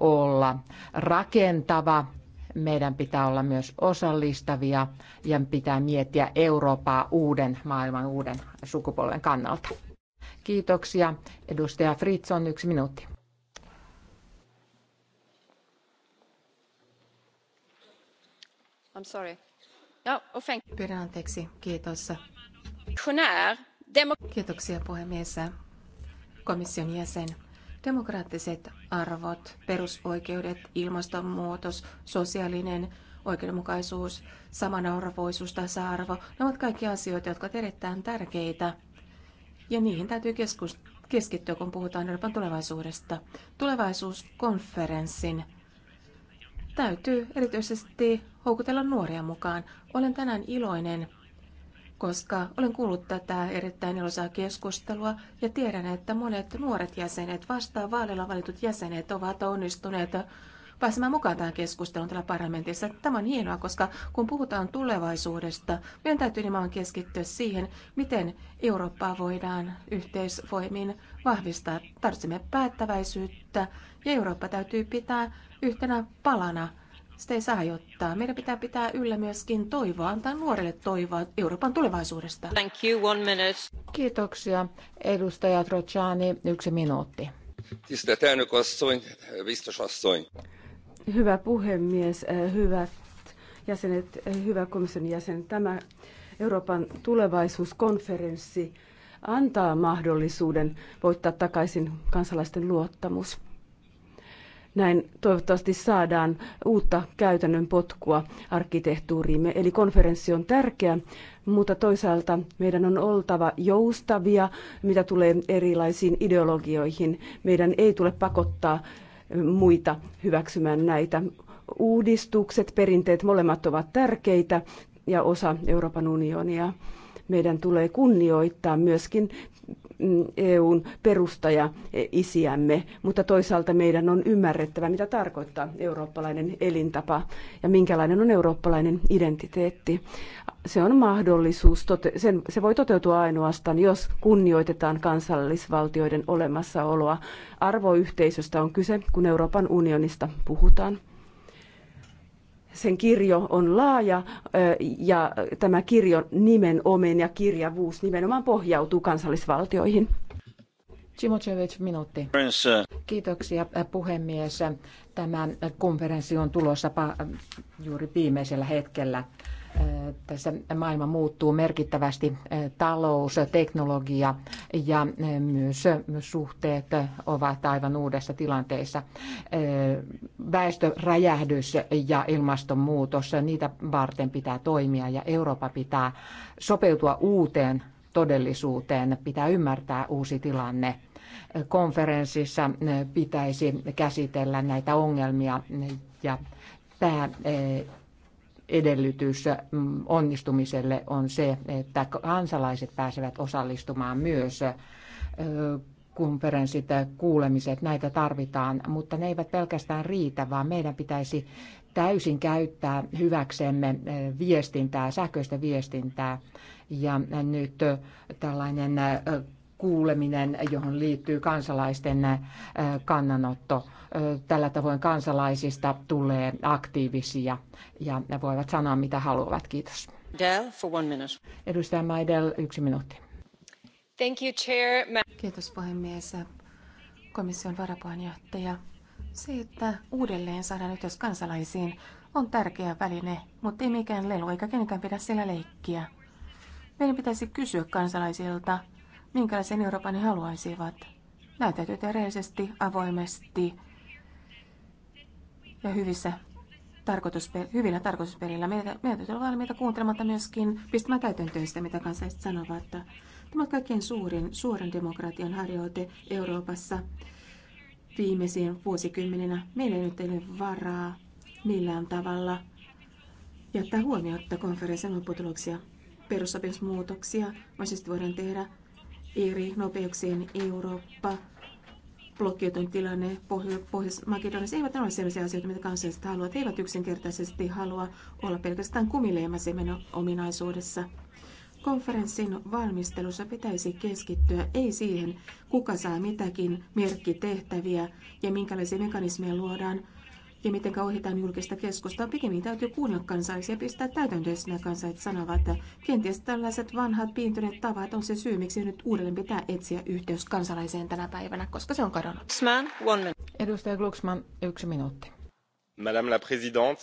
olla rakentava. Meidän pitää olla myös osallistavia ja pitää miettiä Eurooppaa uuden maailman, uuden sukupolven kannalta. Kiitoksia. Edustaja Fritz on yksi minuutti. I'm sorry. No, oh, thank you. Pyydän anteeksi, kiitos. Kiitoksia puhemies. Komission jäsen. Demokraattiset arvot, perusoikeudet, ilmastonmuutos, sosiaalinen oikeudenmukaisuus, samanarvoisuus, tasa-arvo, ne ovat kaikki asioita, jotka ovat erittäin tärkeitä. Ja niihin täytyy keskittyä, kun puhutaan Euroopan tulevaisuudesta. Tulevaisuuskonferenssin Täytyy erityisesti houkutella nuoria mukaan. Olen tänään iloinen, koska olen kuullut tätä erittäin iloisaa keskustelua ja tiedän, että monet nuoret jäsenet, vastaan vaaleilla valitut jäsenet ovat onnistuneet pääsemään mukaan tähän keskusteluun täällä parlamentissa. Tämä on hienoa, koska kun puhutaan tulevaisuudesta, meidän täytyy nimenomaan keskittyä siihen, miten Eurooppaa voidaan yhteisvoimin vahvistaa. Tarvitsemme päättäväisyyttä ja Eurooppa täytyy pitää yhtenä palana sitä ei saa ottaa. Meidän pitää pitää yllä myöskin toivoa, antaa nuorille toivoa Euroopan tulevaisuudesta. Thank you, one minute. Kiitoksia. Edustaja Trojani, yksi minuutti. Tisztelt elnök asszony, biztos asszony. Hyvä puhemies, eh, hyvät jäsenet, eh, hyvä komission jäsen. Tämä Euroopan tulevaisuuskonferenssi antaa mahdollisuuden voittaa takaisin kansalaisten luottamus. Näin toivottavasti saadaan uutta käytännön potkua arkkitehtuuriimme. Eli konferenssi on tärkeä, mutta toisaalta meidän on oltava joustavia, mitä tulee erilaisiin ideologioihin. Meidän ei tule pakottaa muita hyväksymään näitä. Uudistukset, perinteet, molemmat ovat tärkeitä ja osa Euroopan unionia. Meidän tulee kunnioittaa myöskin Mm, EUn perustaja e, isiämme, mutta toisaalta meidän on ymmärrettävä, mitä tarkoittaa eurooppalainen elintapa ja minkälainen on eurooppalainen identiteetti. Se on mahdollisuus, sen, se voi toteutua ainoastaan, jos kunnioitetaan kansallisvaltioiden olemassaoloa. Arvoyhteisöstä on kyse, kun Euroopan unionista puhutaan sen kirjo on laaja ja tämä kirjon nimenomen ja kirjavuus nimenomaan pohjautuu kansallisvaltioihin. Cimocevic, minuutti. Kiitoksia puhemies. Tämä konferenssi on tulossa juuri viimeisellä hetkellä tässä maailma muuttuu merkittävästi. Talous, teknologia ja myös suhteet ovat aivan uudessa tilanteessa. Väestöräjähdys ja ilmastonmuutos, niitä varten pitää toimia ja Eurooppa pitää sopeutua uuteen todellisuuteen, pitää ymmärtää uusi tilanne. Konferenssissa pitäisi käsitellä näitä ongelmia ja pää edellytys mm, onnistumiselle on se, että kansalaiset pääsevät osallistumaan myös konferenssit, kuulemiset, näitä tarvitaan, mutta ne eivät pelkästään riitä, vaan meidän pitäisi täysin käyttää hyväksemme viestintää, sähköistä viestintää. Ja nyt tällainen kuuleminen, johon liittyy kansalaisten kannanotto, Tällä tavoin kansalaisista tulee aktiivisia ja ne voivat sanoa mitä haluavat. Kiitos. Dell, for one minute. Edustaja Maidel, yksi minuutti. Thank you, chair. Ma- Kiitos puhemies. Komission varapuheenjohtaja. Se, että uudelleen saadaan yhteys kansalaisiin, on tärkeä väline, mutta ei mikään lelu eikä kenenkään pidä sillä leikkiä. Meidän pitäisi kysyä kansalaisilta, minkälaisen Euroopan he haluaisivat. Näin täytyy tehdä avoimesti ja hyvissä tarkoitusper- hyvillä tarkoitusperillä. Meidän, meidän täytyy olla valmiita kuuntelematta myöskin pistämään täytäntöön sitä, mitä kansalaiset sanovat. Tämä on kaikkein suurin suoran demokratian harjoite Euroopassa viimeisiin vuosikymmeninä. Meillä ei nyt ole varaa millään tavalla jättää huomiota konferenssin lopputuloksia. Perussopimusmuutoksia mahdollisesti voidaan tehdä eri nopeuksien Eurooppa blokkioitunut tilanne Pohjois-Makedoniassa eivät ole sellaisia asioita, mitä kansalaiset haluavat. He eivät yksinkertaisesti halua olla pelkästään kumileimäsemen ominaisuudessa. Konferenssin valmistelussa pitäisi keskittyä ei siihen, kuka saa mitäkin merkkitehtäviä ja minkälaisia mekanismeja luodaan, ja miten ohjataan julkista keskustaa, Pikemmin täytyy kuunnella kansalaisia ja pistää täytäntöön sinä kansalaiset sanovat, että kenties tällaiset vanhat piintyneet tavat on se syy, miksi nyt uudelleen pitää etsiä yhteys kansalaiseen tänä päivänä, koska se on kadonnut. one Edustaja Glucksmann, yksi minuutti. Madame la présidente.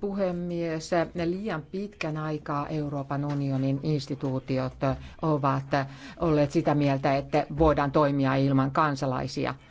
Puhemies, liian pitkän aikaa Euroopan unionin instituutiot ovat olleet sitä mieltä, että voidaan toimia ilman kansalaisia –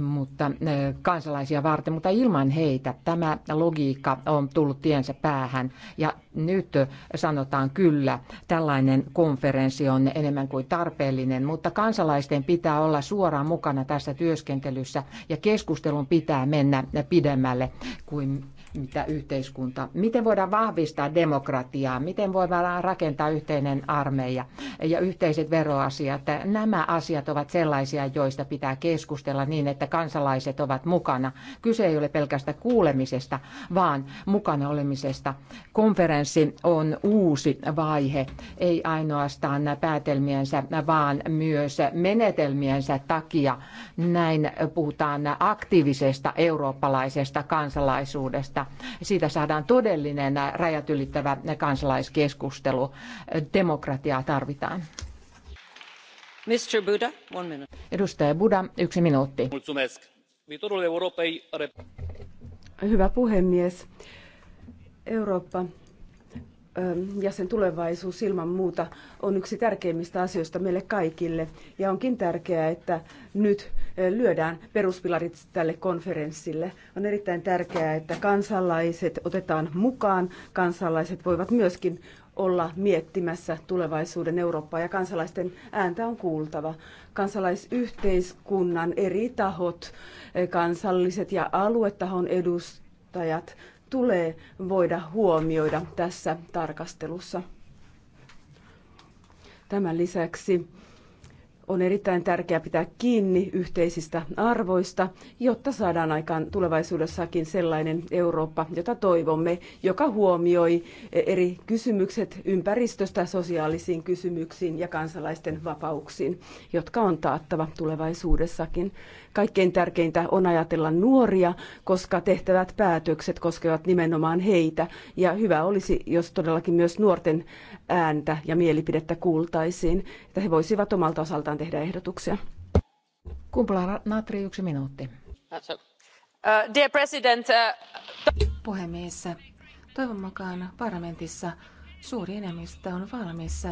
mutta eh, kansalaisia varten, mutta ilman heitä tämä logiikka on tullut tiensä päähän. Ja nyt sanotaan kyllä, tällainen konferenssi on enemmän kuin tarpeellinen, mutta kansalaisten pitää olla suoraan mukana tässä työskentelyssä ja keskustelun pitää mennä pidemmälle kuin mitä yhteiskunta, miten voidaan vahvistaa demokratiaa, miten voidaan rakentaa yhteinen armeija ja yhteiset veroasiat. Nämä asiat ovat sellaisia, joista pitää keskustella niin, että kansalaiset ovat mukana. Kyse ei ole pelkästä kuulemisesta, vaan mukana olemisesta. Konferenssi on uusi vaihe, ei ainoastaan päätelmiensä, vaan myös menetelmiensä takia. Näin puhutaan aktiivisesta eurooppalaisesta kansalaisuudesta että siitä saadaan todellinen rajat ylittävä kansalaiskeskustelu. Demokratiaa tarvitaan. Mr. Buda, one minute. Edustaja Buda, yksi minuutti. Hyvä puhemies. Eurooppa ähm, ja sen tulevaisuus ilman muuta on yksi tärkeimmistä asioista meille kaikille. Ja onkin tärkeää, että nyt lyödään peruspilarit tälle konferenssille. On erittäin tärkeää, että kansalaiset otetaan mukaan. Kansalaiset voivat myöskin olla miettimässä tulevaisuuden Eurooppaa ja kansalaisten ääntä on kuultava. Kansalaisyhteiskunnan eri tahot, kansalliset ja aluetahon edustajat tulee voida huomioida tässä tarkastelussa. Tämän lisäksi on erittäin tärkeää pitää kiinni yhteisistä arvoista, jotta saadaan aikaan tulevaisuudessakin sellainen Eurooppa, jota toivomme, joka huomioi eri kysymykset ympäristöstä sosiaalisiin kysymyksiin ja kansalaisten vapauksiin, jotka on taattava tulevaisuudessakin. Kaikkein tärkeintä on ajatella nuoria, koska tehtävät päätökset koskevat nimenomaan heitä. Ja hyvä olisi, jos todellakin myös nuorten ääntä ja mielipidettä kuultaisiin, että he voisivat omalta osaltaan tehdä ehdotuksia. Kumpula Natri, yksi minuutti. Uh, dear President, uh... Puhemies, toivon mukaan parlamentissa suuri enemmistö on valmis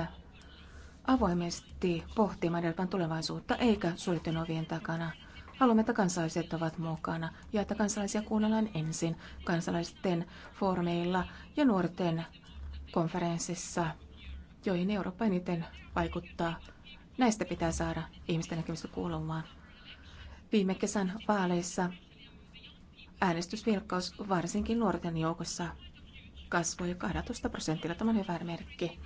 avoimesti pohtimaan Euroopan tulevaisuutta eikä suljettujen ovien takana. Haluamme, että kansalaiset ovat mukana ja että kansalaisia kuunnellaan ensin kansalaisten foorumeilla ja nuorten konferenssissa joihin Eurooppa eniten vaikuttaa. Näistä pitää saada ihmisten näkemystä kuulumaan. Viime kesän vaaleissa äänestysvilkkaus varsinkin nuorten joukossa kasvoi 12 prosentilla. Tämä on hyvä merkki.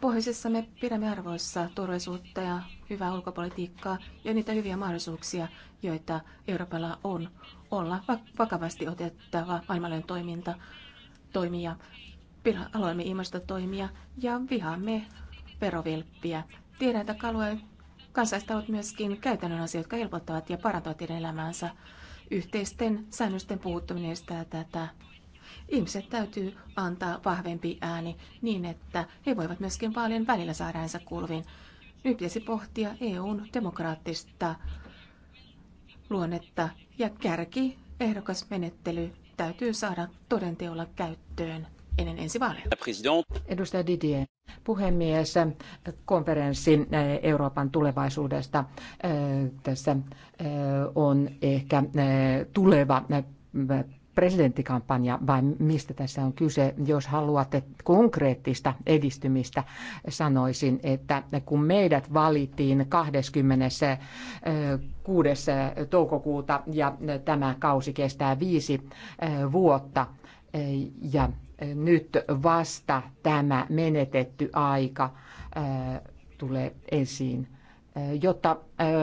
Pohjoisessa me pidämme arvoissa turvallisuutta ja hyvää ulkopolitiikkaa ja niitä hyviä mahdollisuuksia, joita Euroopalla on olla vakavasti otettava maailmanlainen toiminta, toimija aloimme ilmastotoimia ja vihaamme verovilppiä. Tiedän, että alueen kansalaiset ovat myöskin käytännön asioita, jotka helpottavat ja parantavat heidän elämäänsä. Yhteisten säännösten puuttuminen estää tätä. Ihmiset täytyy antaa vahvempi ääni niin, että he voivat myöskin vaalien välillä saada äänsä kuuluviin. Nyt pitäisi pohtia EUn demokraattista luonnetta ja kärki ehdokasmenettely täytyy saada todenteolla käyttöön ennen ensi vaaleja. Edustaja Didier, puhemies, konferenssi eh, Euroopan tulevaisuudesta eh, tässä eh, on ehkä tuleva presidenttikampanja vai mistä tässä on kyse? Jos haluatte konkreettista edistymistä, sanoisin, että kun meidät valittiin 26. toukokuuta ja tämä kausi kestää viisi vuotta ja nyt vasta tämä menetetty aika tulee esiin. Jotta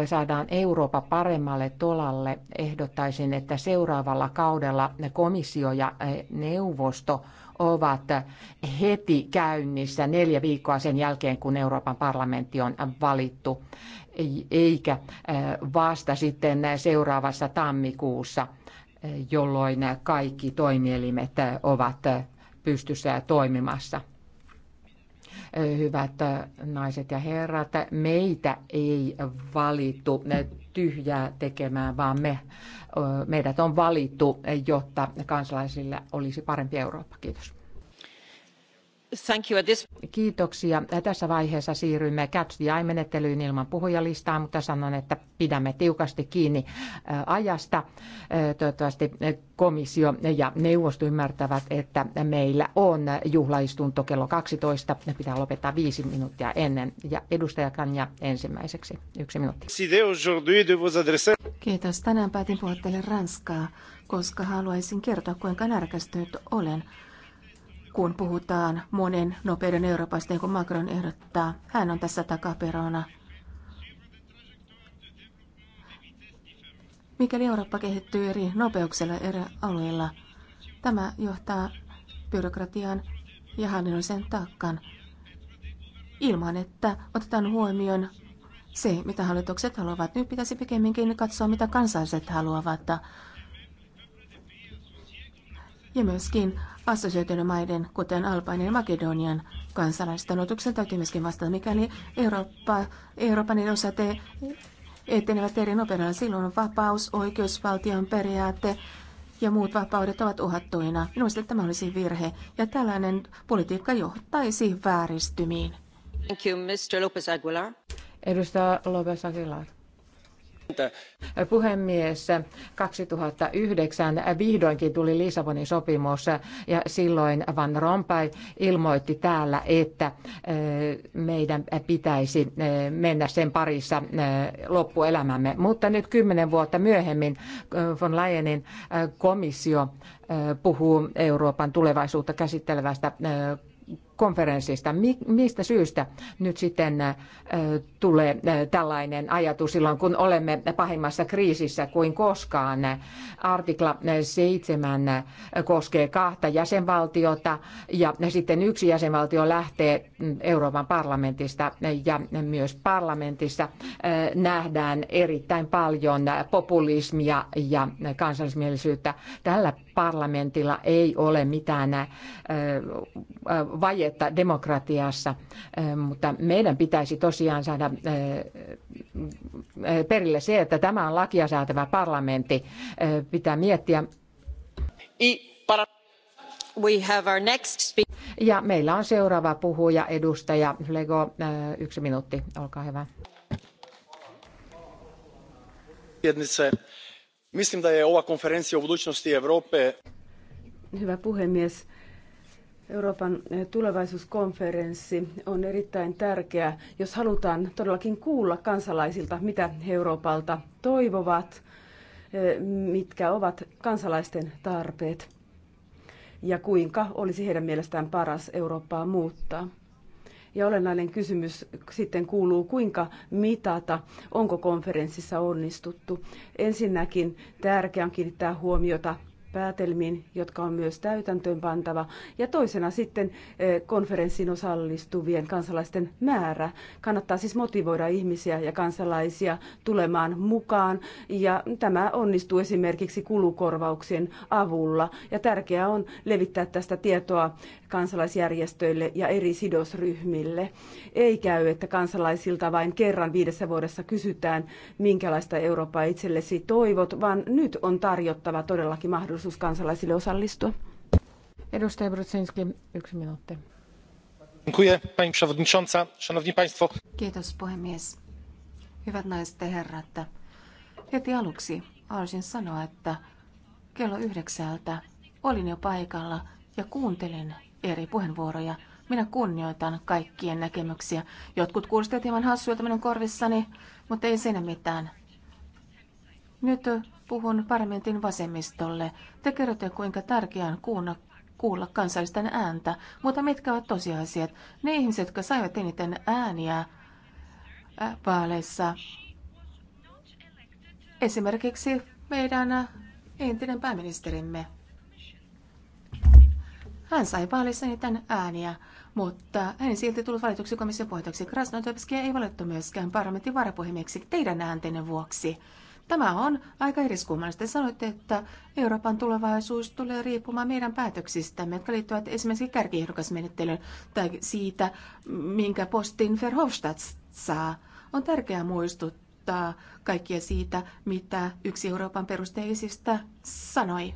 saadaan Eurooppa paremmalle tolalle, ehdottaisin, että seuraavalla kaudella komissio ja neuvosto ovat heti käynnissä neljä viikkoa sen jälkeen, kun Euroopan parlamentti on valittu, eikä vasta sitten seuraavassa tammikuussa, jolloin kaikki toimielimet ovat pystyssä ja toimimassa. Hyvät naiset ja herrat, meitä ei valittu tyhjää tekemään, vaan me, meidät on valittu, jotta kansalaisille olisi parempi Eurooppa. Kiitos. Kiitoksia. Äh, tässä vaiheessa siirrymme Catch the Eye-menettelyyn ilman puhujalistaa, mutta sanon, että pidämme tiukasti kiinni äh, ajasta. Äh, toivottavasti komissio ja neuvosto ymmärtävät, että meillä on juhlaistunto kello 12. Ne pitää lopettaa viisi minuuttia ennen. Ja edustaja Kanja ensimmäiseksi. Yksi minuutti. Kiitos. Tänään päätin puhua teille Ranskaa, koska haluaisin kertoa, kuinka närkästynyt olen kun puhutaan monen nopeuden Euroopasta, niin kuin Macron ehdottaa. Hän on tässä takaperona. Mikäli Eurooppa kehittyy eri nopeuksella eri alueilla, tämä johtaa byrokratian ja hallinnollisen taakkaan ilman, että otetaan huomioon se, mitä hallitukset haluavat. Nyt pitäisi pikemminkin katsoa, mitä kansalaiset haluavat. Ja myöskin assosioitujen maiden, kuten Albanian ja Makedonian kansalaisten otuksen täytyy myöskin vastata, mikäli Eurooppa, Euroopan eri osat etenevät eri nopeudella. Silloin on vapaus, oikeusvaltion periaate ja muut vapaudet ovat uhattuina. Minusta tämä olisi virhe ja tällainen politiikka johtaisi vääristymiin. Thank you, Mr. Lopez Aguilar. Edustaja Lopez Aguilar. Puhemies, 2009 vihdoinkin tuli Lissabonin sopimus ja silloin Van Rompuy ilmoitti täällä, että äh, meidän pitäisi äh, mennä sen parissa äh, loppuelämämme. Mutta nyt kymmenen vuotta myöhemmin von Leyenin komissio puhuu Euroopan tulevaisuutta käsittelevästä konferenssista. Mistä syystä nyt sitten äh, tulee äh, tällainen ajatus silloin, kun olemme pahimmassa kriisissä kuin koskaan? Artikla 7 äh, koskee kahta jäsenvaltiota ja sitten yksi jäsenvaltio lähtee mm, Euroopan parlamentista ja myös parlamentissa nähdään erittäin paljon populismia ja kansallismielisyyttä. Tällä parlamentilla ei ole mitään vaje että demokratiassa, mutta meidän pitäisi tosiaan saada perille se, että tämä on lakia säätävä parlamentti. Pitää miettiä. We have our next Ja meillä on seuraava puhuja, edustaja Lego, yksi minuutti, olkaa hyvä. Mislim da je ova konferencija o budućnosti Hyvä puhemies Euroopan eh, tulevaisuuskonferenssi on erittäin tärkeä, jos halutaan todellakin kuulla kansalaisilta, mitä he Euroopalta toivovat, eh, mitkä ovat kansalaisten tarpeet ja kuinka olisi heidän mielestään paras Eurooppaa muuttaa. Ja olennainen kysymys sitten kuuluu, kuinka mitata, onko konferenssissa onnistuttu. Ensinnäkin tärkeää on kiinnittää huomiota päätelmiin, jotka on myös täytäntöönpantava, ja toisena sitten eh, konferenssin osallistuvien kansalaisten määrä. Kannattaa siis motivoida ihmisiä ja kansalaisia tulemaan mukaan, ja tämä onnistuu esimerkiksi kulukorvauksien avulla, ja tärkeää on levittää tästä tietoa kansalaisjärjestöille ja eri sidosryhmille. Ei käy, että kansalaisilta vain kerran viidessä vuodessa kysytään, minkälaista Eurooppaa itsellesi toivot, vaan nyt on tarjottava todellakin mahdollisuus mahdollisuus kansalaisille osallistua. Edustaja Brudzinski, yksi minuutti. Kiitos puhemies. Hyvät naiset ja herrat. Heti aluksi haluaisin sanoa, että kello yhdeksältä olin jo paikalla ja kuuntelin eri puheenvuoroja. Minä kunnioitan kaikkien näkemyksiä. Jotkut kuulostivat hieman hassuilta minun korvissani, mutta ei siinä mitään. Nyt puhun parlamentin vasemmistolle. Te kerrotte, kuinka tärkeää on kuunna, kuulla kansallisten ääntä, mutta mitkä ovat tosiasiat? Ne ihmiset, jotka saivat eniten ääniä äh, vaaleissa, esimerkiksi meidän entinen pääministerimme, hän sai vaaleissa eniten ääniä, mutta hän silti tullut valituksi komission puheenjohtajaksi. Krasnodebskia ei valittu myöskään parlamentin varapuhemieksi teidän ääntenne vuoksi. Tämä on aika eriskummallista. Sanoitte, että Euroopan tulevaisuus tulee riippumaan meidän päätöksistämme, jotka liittyvät esimerkiksi kärkiehdokasmenettelyyn tai siitä, minkä postin Verhofstadt saa. On tärkeää muistuttaa kaikkia siitä, mitä yksi Euroopan perusteisistä sanoi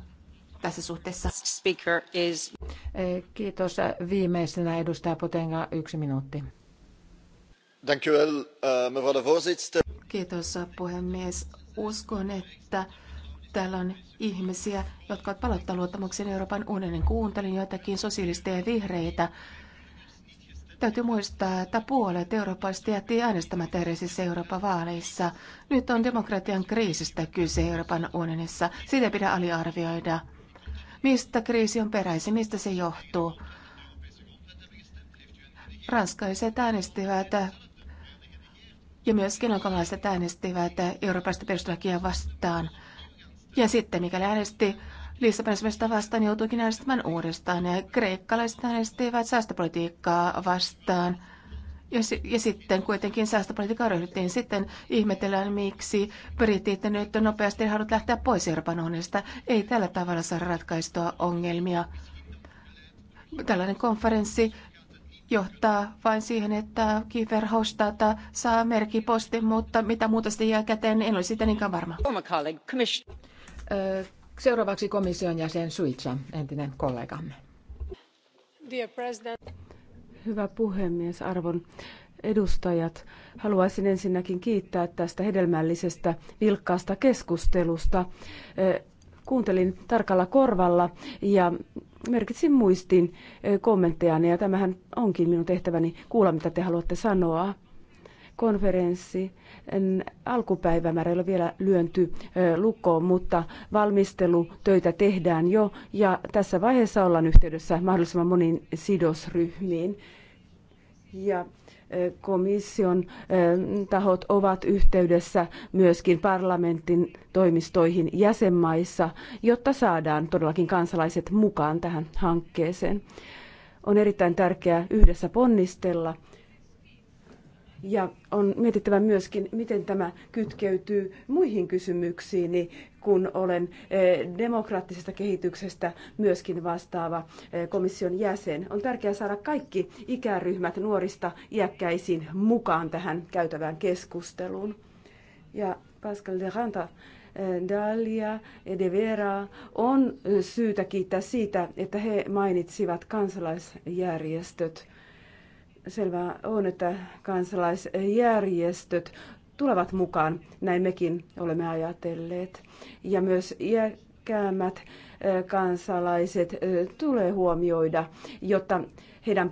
tässä suhteessa. Speaker is... Kiitos. Viimeisenä edustaja Potenga, yksi minuutti. Eh, Kiitos puhemies. Uskon, että täällä on ihmisiä, jotka ovat palauttaneet luottamuksen Euroopan unionin. Kuuntelin joitakin sosialisteja ja vihreitä. Täytyy muistaa, että puolet eurooppalaisista jätti äänestämättä erisissä Euroopan vaaleissa. Nyt on demokratian kriisistä kyse Euroopan unionissa. Sitä pidä aliarvioida. Mistä kriisi on peräisin? Mistä se johtuu? Ranskalaiset äänestivät ja myös alkalaiset äänestivät Euroopasta perustuslakia vastaan. Ja sitten mikäli äänesti Lissabonin sopimusta vastaan, joutuikin äänestämään uudestaan. Ja kreikkalaiset äänestivät säästöpolitiikkaa vastaan. Ja, ja sitten kuitenkin säästöpolitiikkaa ryhdyttiin. Sitten ihmetellään, miksi britit nyt nopeasti haluavat lähteä pois Euroopan unionista. Ei tällä tavalla saada ratkaistua ongelmia. Tällainen konferenssi johtaa vain siihen, että Kiefer saa merkiposti, mutta mitä muuta sitten jää käteen, en ole sitä niinkään varma. Seuraavaksi komission jäsen Suitsa, entinen kollegamme. Hyvä puhemies, arvon edustajat. Haluaisin ensinnäkin kiittää tästä hedelmällisestä vilkkaasta keskustelusta. Kuuntelin tarkalla korvalla ja merkitsin muistiin kommentteja, ja tämähän onkin minun tehtäväni kuulla, mitä te haluatte sanoa. Konferenssi alkupäivämäärä ei ole vielä lyönty lukkoon, mutta valmistelutöitä tehdään jo ja tässä vaiheessa ollaan yhteydessä mahdollisimman moniin sidosryhmiin. Ja komission tahot ovat yhteydessä myöskin parlamentin toimistoihin jäsenmaissa, jotta saadaan todellakin kansalaiset mukaan tähän hankkeeseen. On erittäin tärkeää yhdessä ponnistella ja on mietittävä myöskin, miten tämä kytkeytyy muihin kysymyksiin, kun olen eh, demokraattisesta kehityksestä myöskin vastaava eh, komission jäsen. On tärkeää saada kaikki ikäryhmät nuorista iäkkäisiin mukaan tähän käytävään keskusteluun. Ja Pascal de Ranta, eh, Dalia ja De Vera on syytä kiittää siitä, että he mainitsivat kansalaisjärjestöt selvää on, että kansalaisjärjestöt tulevat mukaan, näin mekin olemme ajatelleet. Ja myös iäkkäämmät kansalaiset tulee huomioida, jotta heidän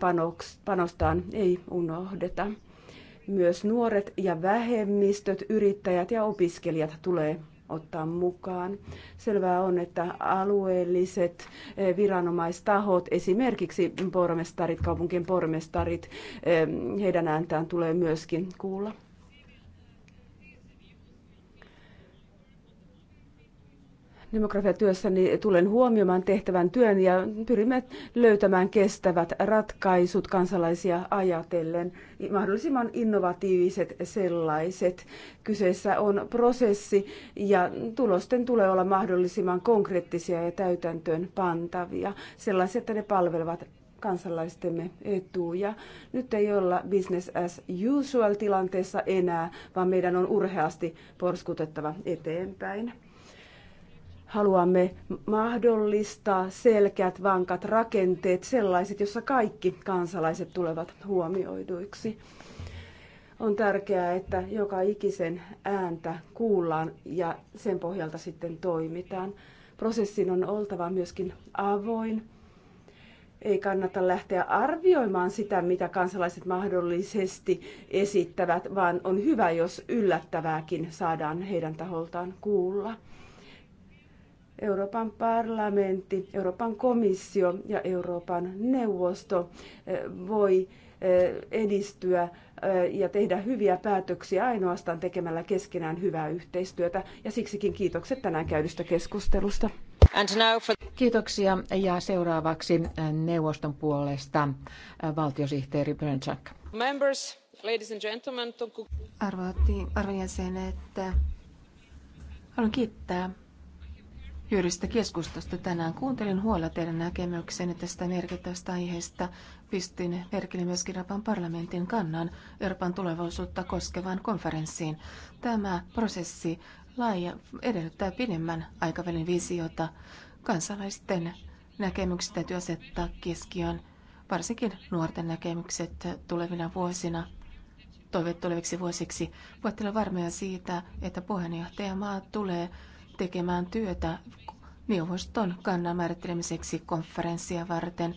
panostaan ei unohdeta. Myös nuoret ja vähemmistöt, yrittäjät ja opiskelijat tulee ottaa mukaan. Selvää on, että alueelliset eh, viranomaistahot, esimerkiksi pormestarit, kaupunkien pormestarit, eh, heidän ääntään tulee myöskin kuulla. demografiatyössäni niin tulen huomioimaan tehtävän työn ja pyrimme löytämään kestävät ratkaisut kansalaisia ajatellen, mahdollisimman innovatiiviset sellaiset. Kyseessä on prosessi ja tulosten tulee olla mahdollisimman konkreettisia ja täytäntöön pantavia, sellaisia, että ne palvelevat kansalaistemme etuja. Nyt ei olla business as usual tilanteessa enää, vaan meidän on urheasti porskutettava eteenpäin. Haluamme mahdollistaa selkeät, vankat rakenteet, sellaiset, jossa kaikki kansalaiset tulevat huomioiduiksi. On tärkeää, että joka ikisen ääntä kuullaan ja sen pohjalta sitten toimitaan. Prosessin on oltava myöskin avoin ei kannata lähteä arvioimaan sitä, mitä kansalaiset mahdollisesti esittävät, vaan on hyvä, jos yllättävääkin saadaan heidän taholtaan kuulla. Euroopan parlamentti, Euroopan komissio ja Euroopan neuvosto eh, voi eh, edistyä eh, ja tehdä hyviä päätöksiä ainoastaan tekemällä keskenään hyvää yhteistyötä. Ja siksikin kiitokset tänään käydystä keskustelusta. For... Kiitoksia ja seuraavaksi neuvoston puolesta valtiosihteeri Brönchak. Members, ladies and gentlemen, to... Arvoin jäsenet, haluan kiittää Juurista keskustelusta tänään kuuntelin huolella teidän näkemyksenne tästä merkittävästä aiheesta. Pistin merkille myös Euroopan parlamentin kannan Euroopan tulevaisuutta koskevaan konferenssiin. Tämä prosessi laaja edellyttää pidemmän aikavälin visiota. Kansalaisten näkemykset täytyy asettaa keskiöön, varsinkin nuorten näkemykset tulevina vuosina toiveet tuleviksi vuosiksi. Voitte olla varmoja siitä, että puheenjohtajamaa tulee tekemään työtä neuvoston kannan määrittelemiseksi konferenssia varten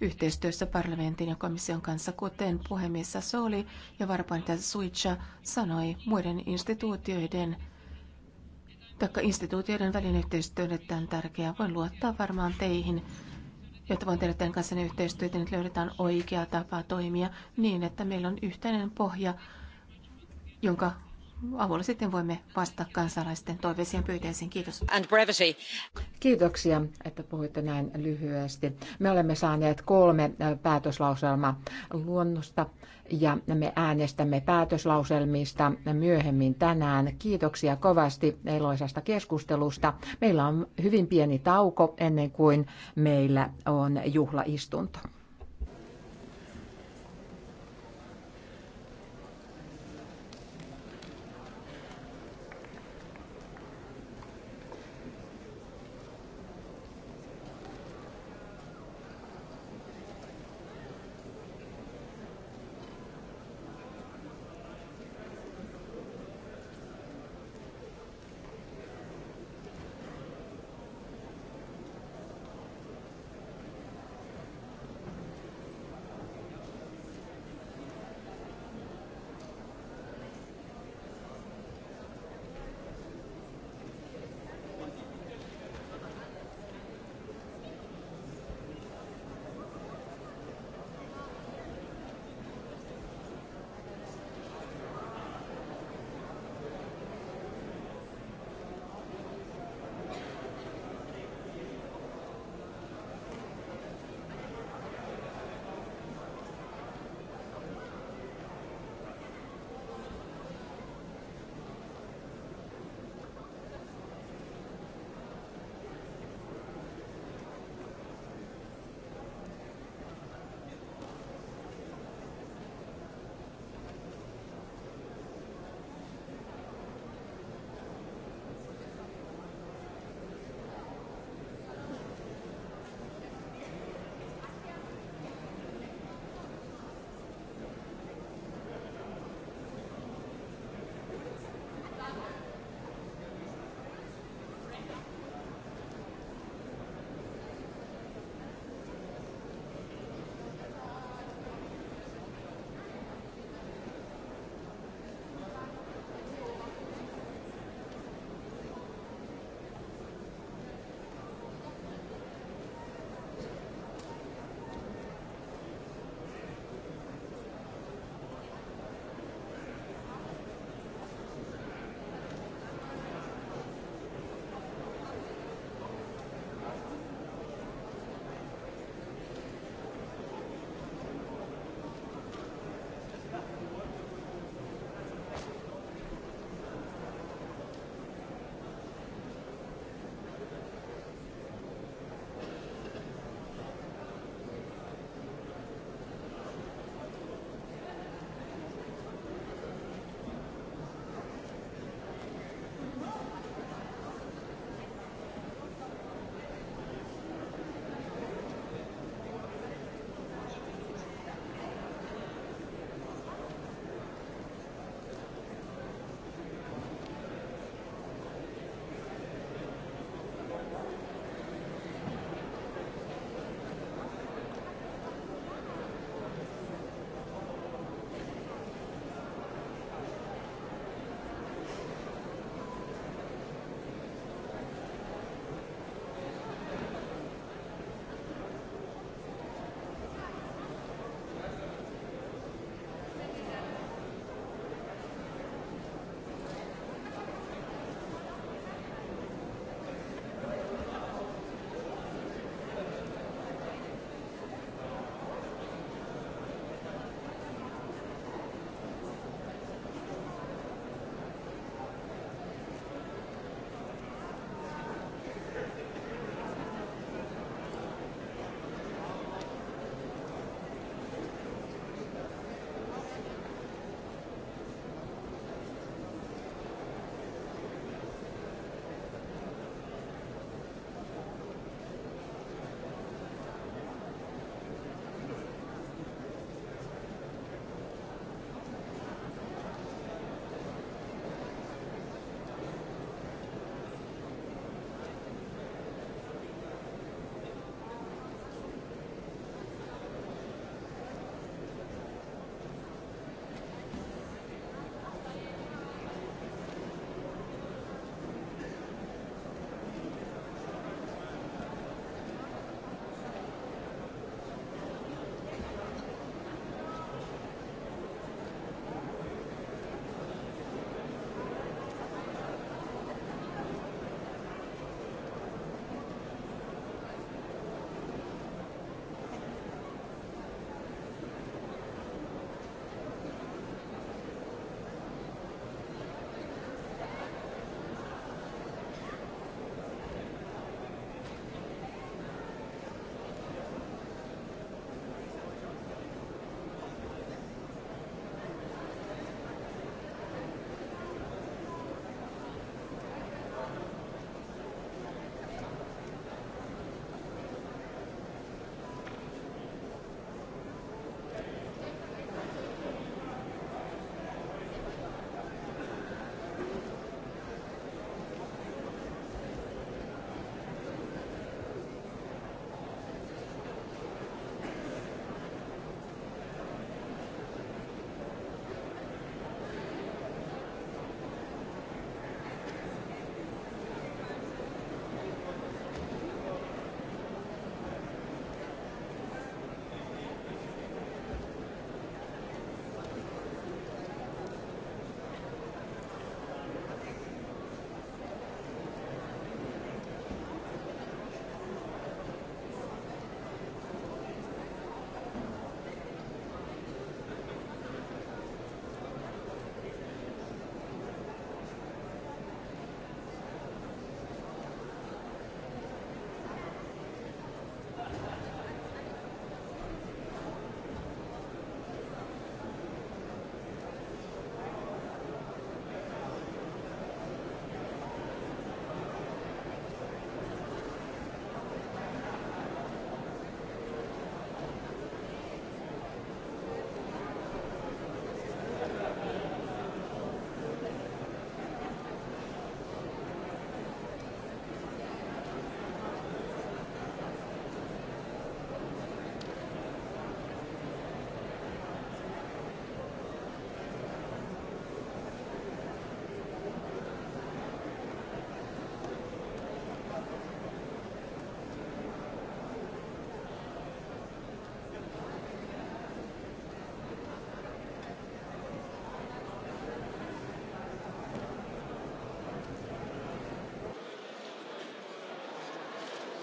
yhteistyössä parlamentin ja komission kanssa, kuten puhemies Sassoli ja varapuheenjohtaja Suitsa sanoi muiden instituutioiden taikka instituutioiden välinen yhteistyö on erittäin tärkeää. Voin luottaa varmaan teihin, jotta voin tehdä teidän ne yhteistyötä, että löydetään oikea tapa toimia niin, että meillä on yhteinen pohja, jonka avulla sitten voimme vastata kansalaisten toiveisiin ja pyyteisiin. Kiitos. And brevity. Kiitoksia, että puhuitte näin lyhyesti. Me olemme saaneet kolme päätöslauselmaa luonnosta ja me äänestämme päätöslauselmista myöhemmin tänään. Kiitoksia kovasti eloisasta keskustelusta. Meillä on hyvin pieni tauko ennen kuin meillä on juhlaistunto.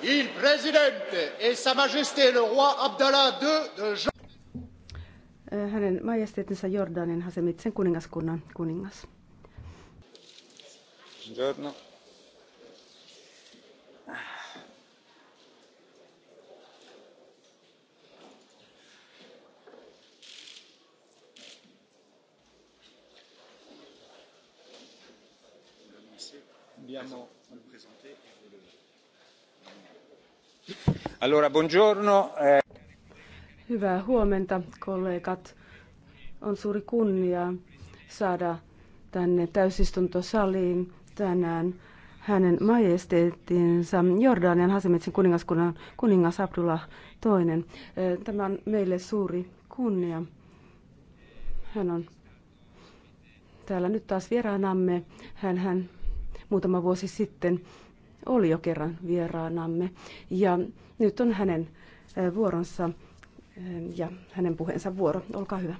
Il Presidente et Sa Majesté le Roi Abdallah II de Jordanie. Hänen majesteettinsa Jordanin Hasemitsen kuningaskunnan kuningas. Buongiorno. Abbiamo Allora, buongiorno. Eh. Hyvää huomenta, kollegat. On suuri kunnia saada tänne täysistuntosaliin tänään hänen majesteettinsa Jordanian Hasemetsin kuningaskunnan kuningas Abdullah II. Eh, tämä on meille suuri kunnia. Hän on täällä nyt taas vieraanamme. Hän, hän muutama vuosi sitten oli jo kerran vieraanamme ja nyt on hänen vuoronsa ja hänen puheensa vuoro. Olkaa hyvä.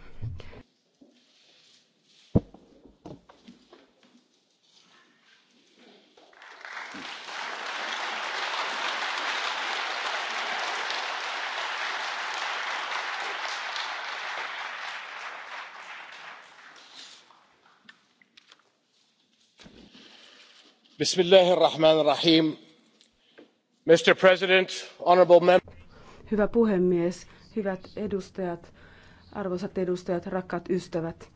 Hyvä puhemies, hyvät edustajat, arvoisat edustajat, rakkaat ystävät.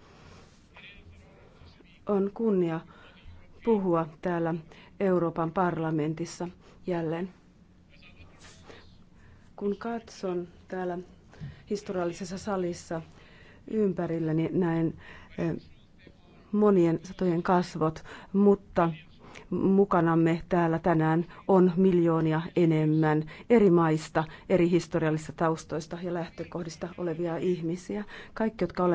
On kunnia puhua täällä Euroopan parlamentissa jälleen. Kun katson täällä historiallisessa salissa ympärilläni, niin näen eh, monien satojen kasvot, mutta mukanamme täällä tänään on miljoonia enemmän eri maista, eri historiallisista taustoista ja lähtökohdista olevia ihmisiä. Kaikki, jotka olemme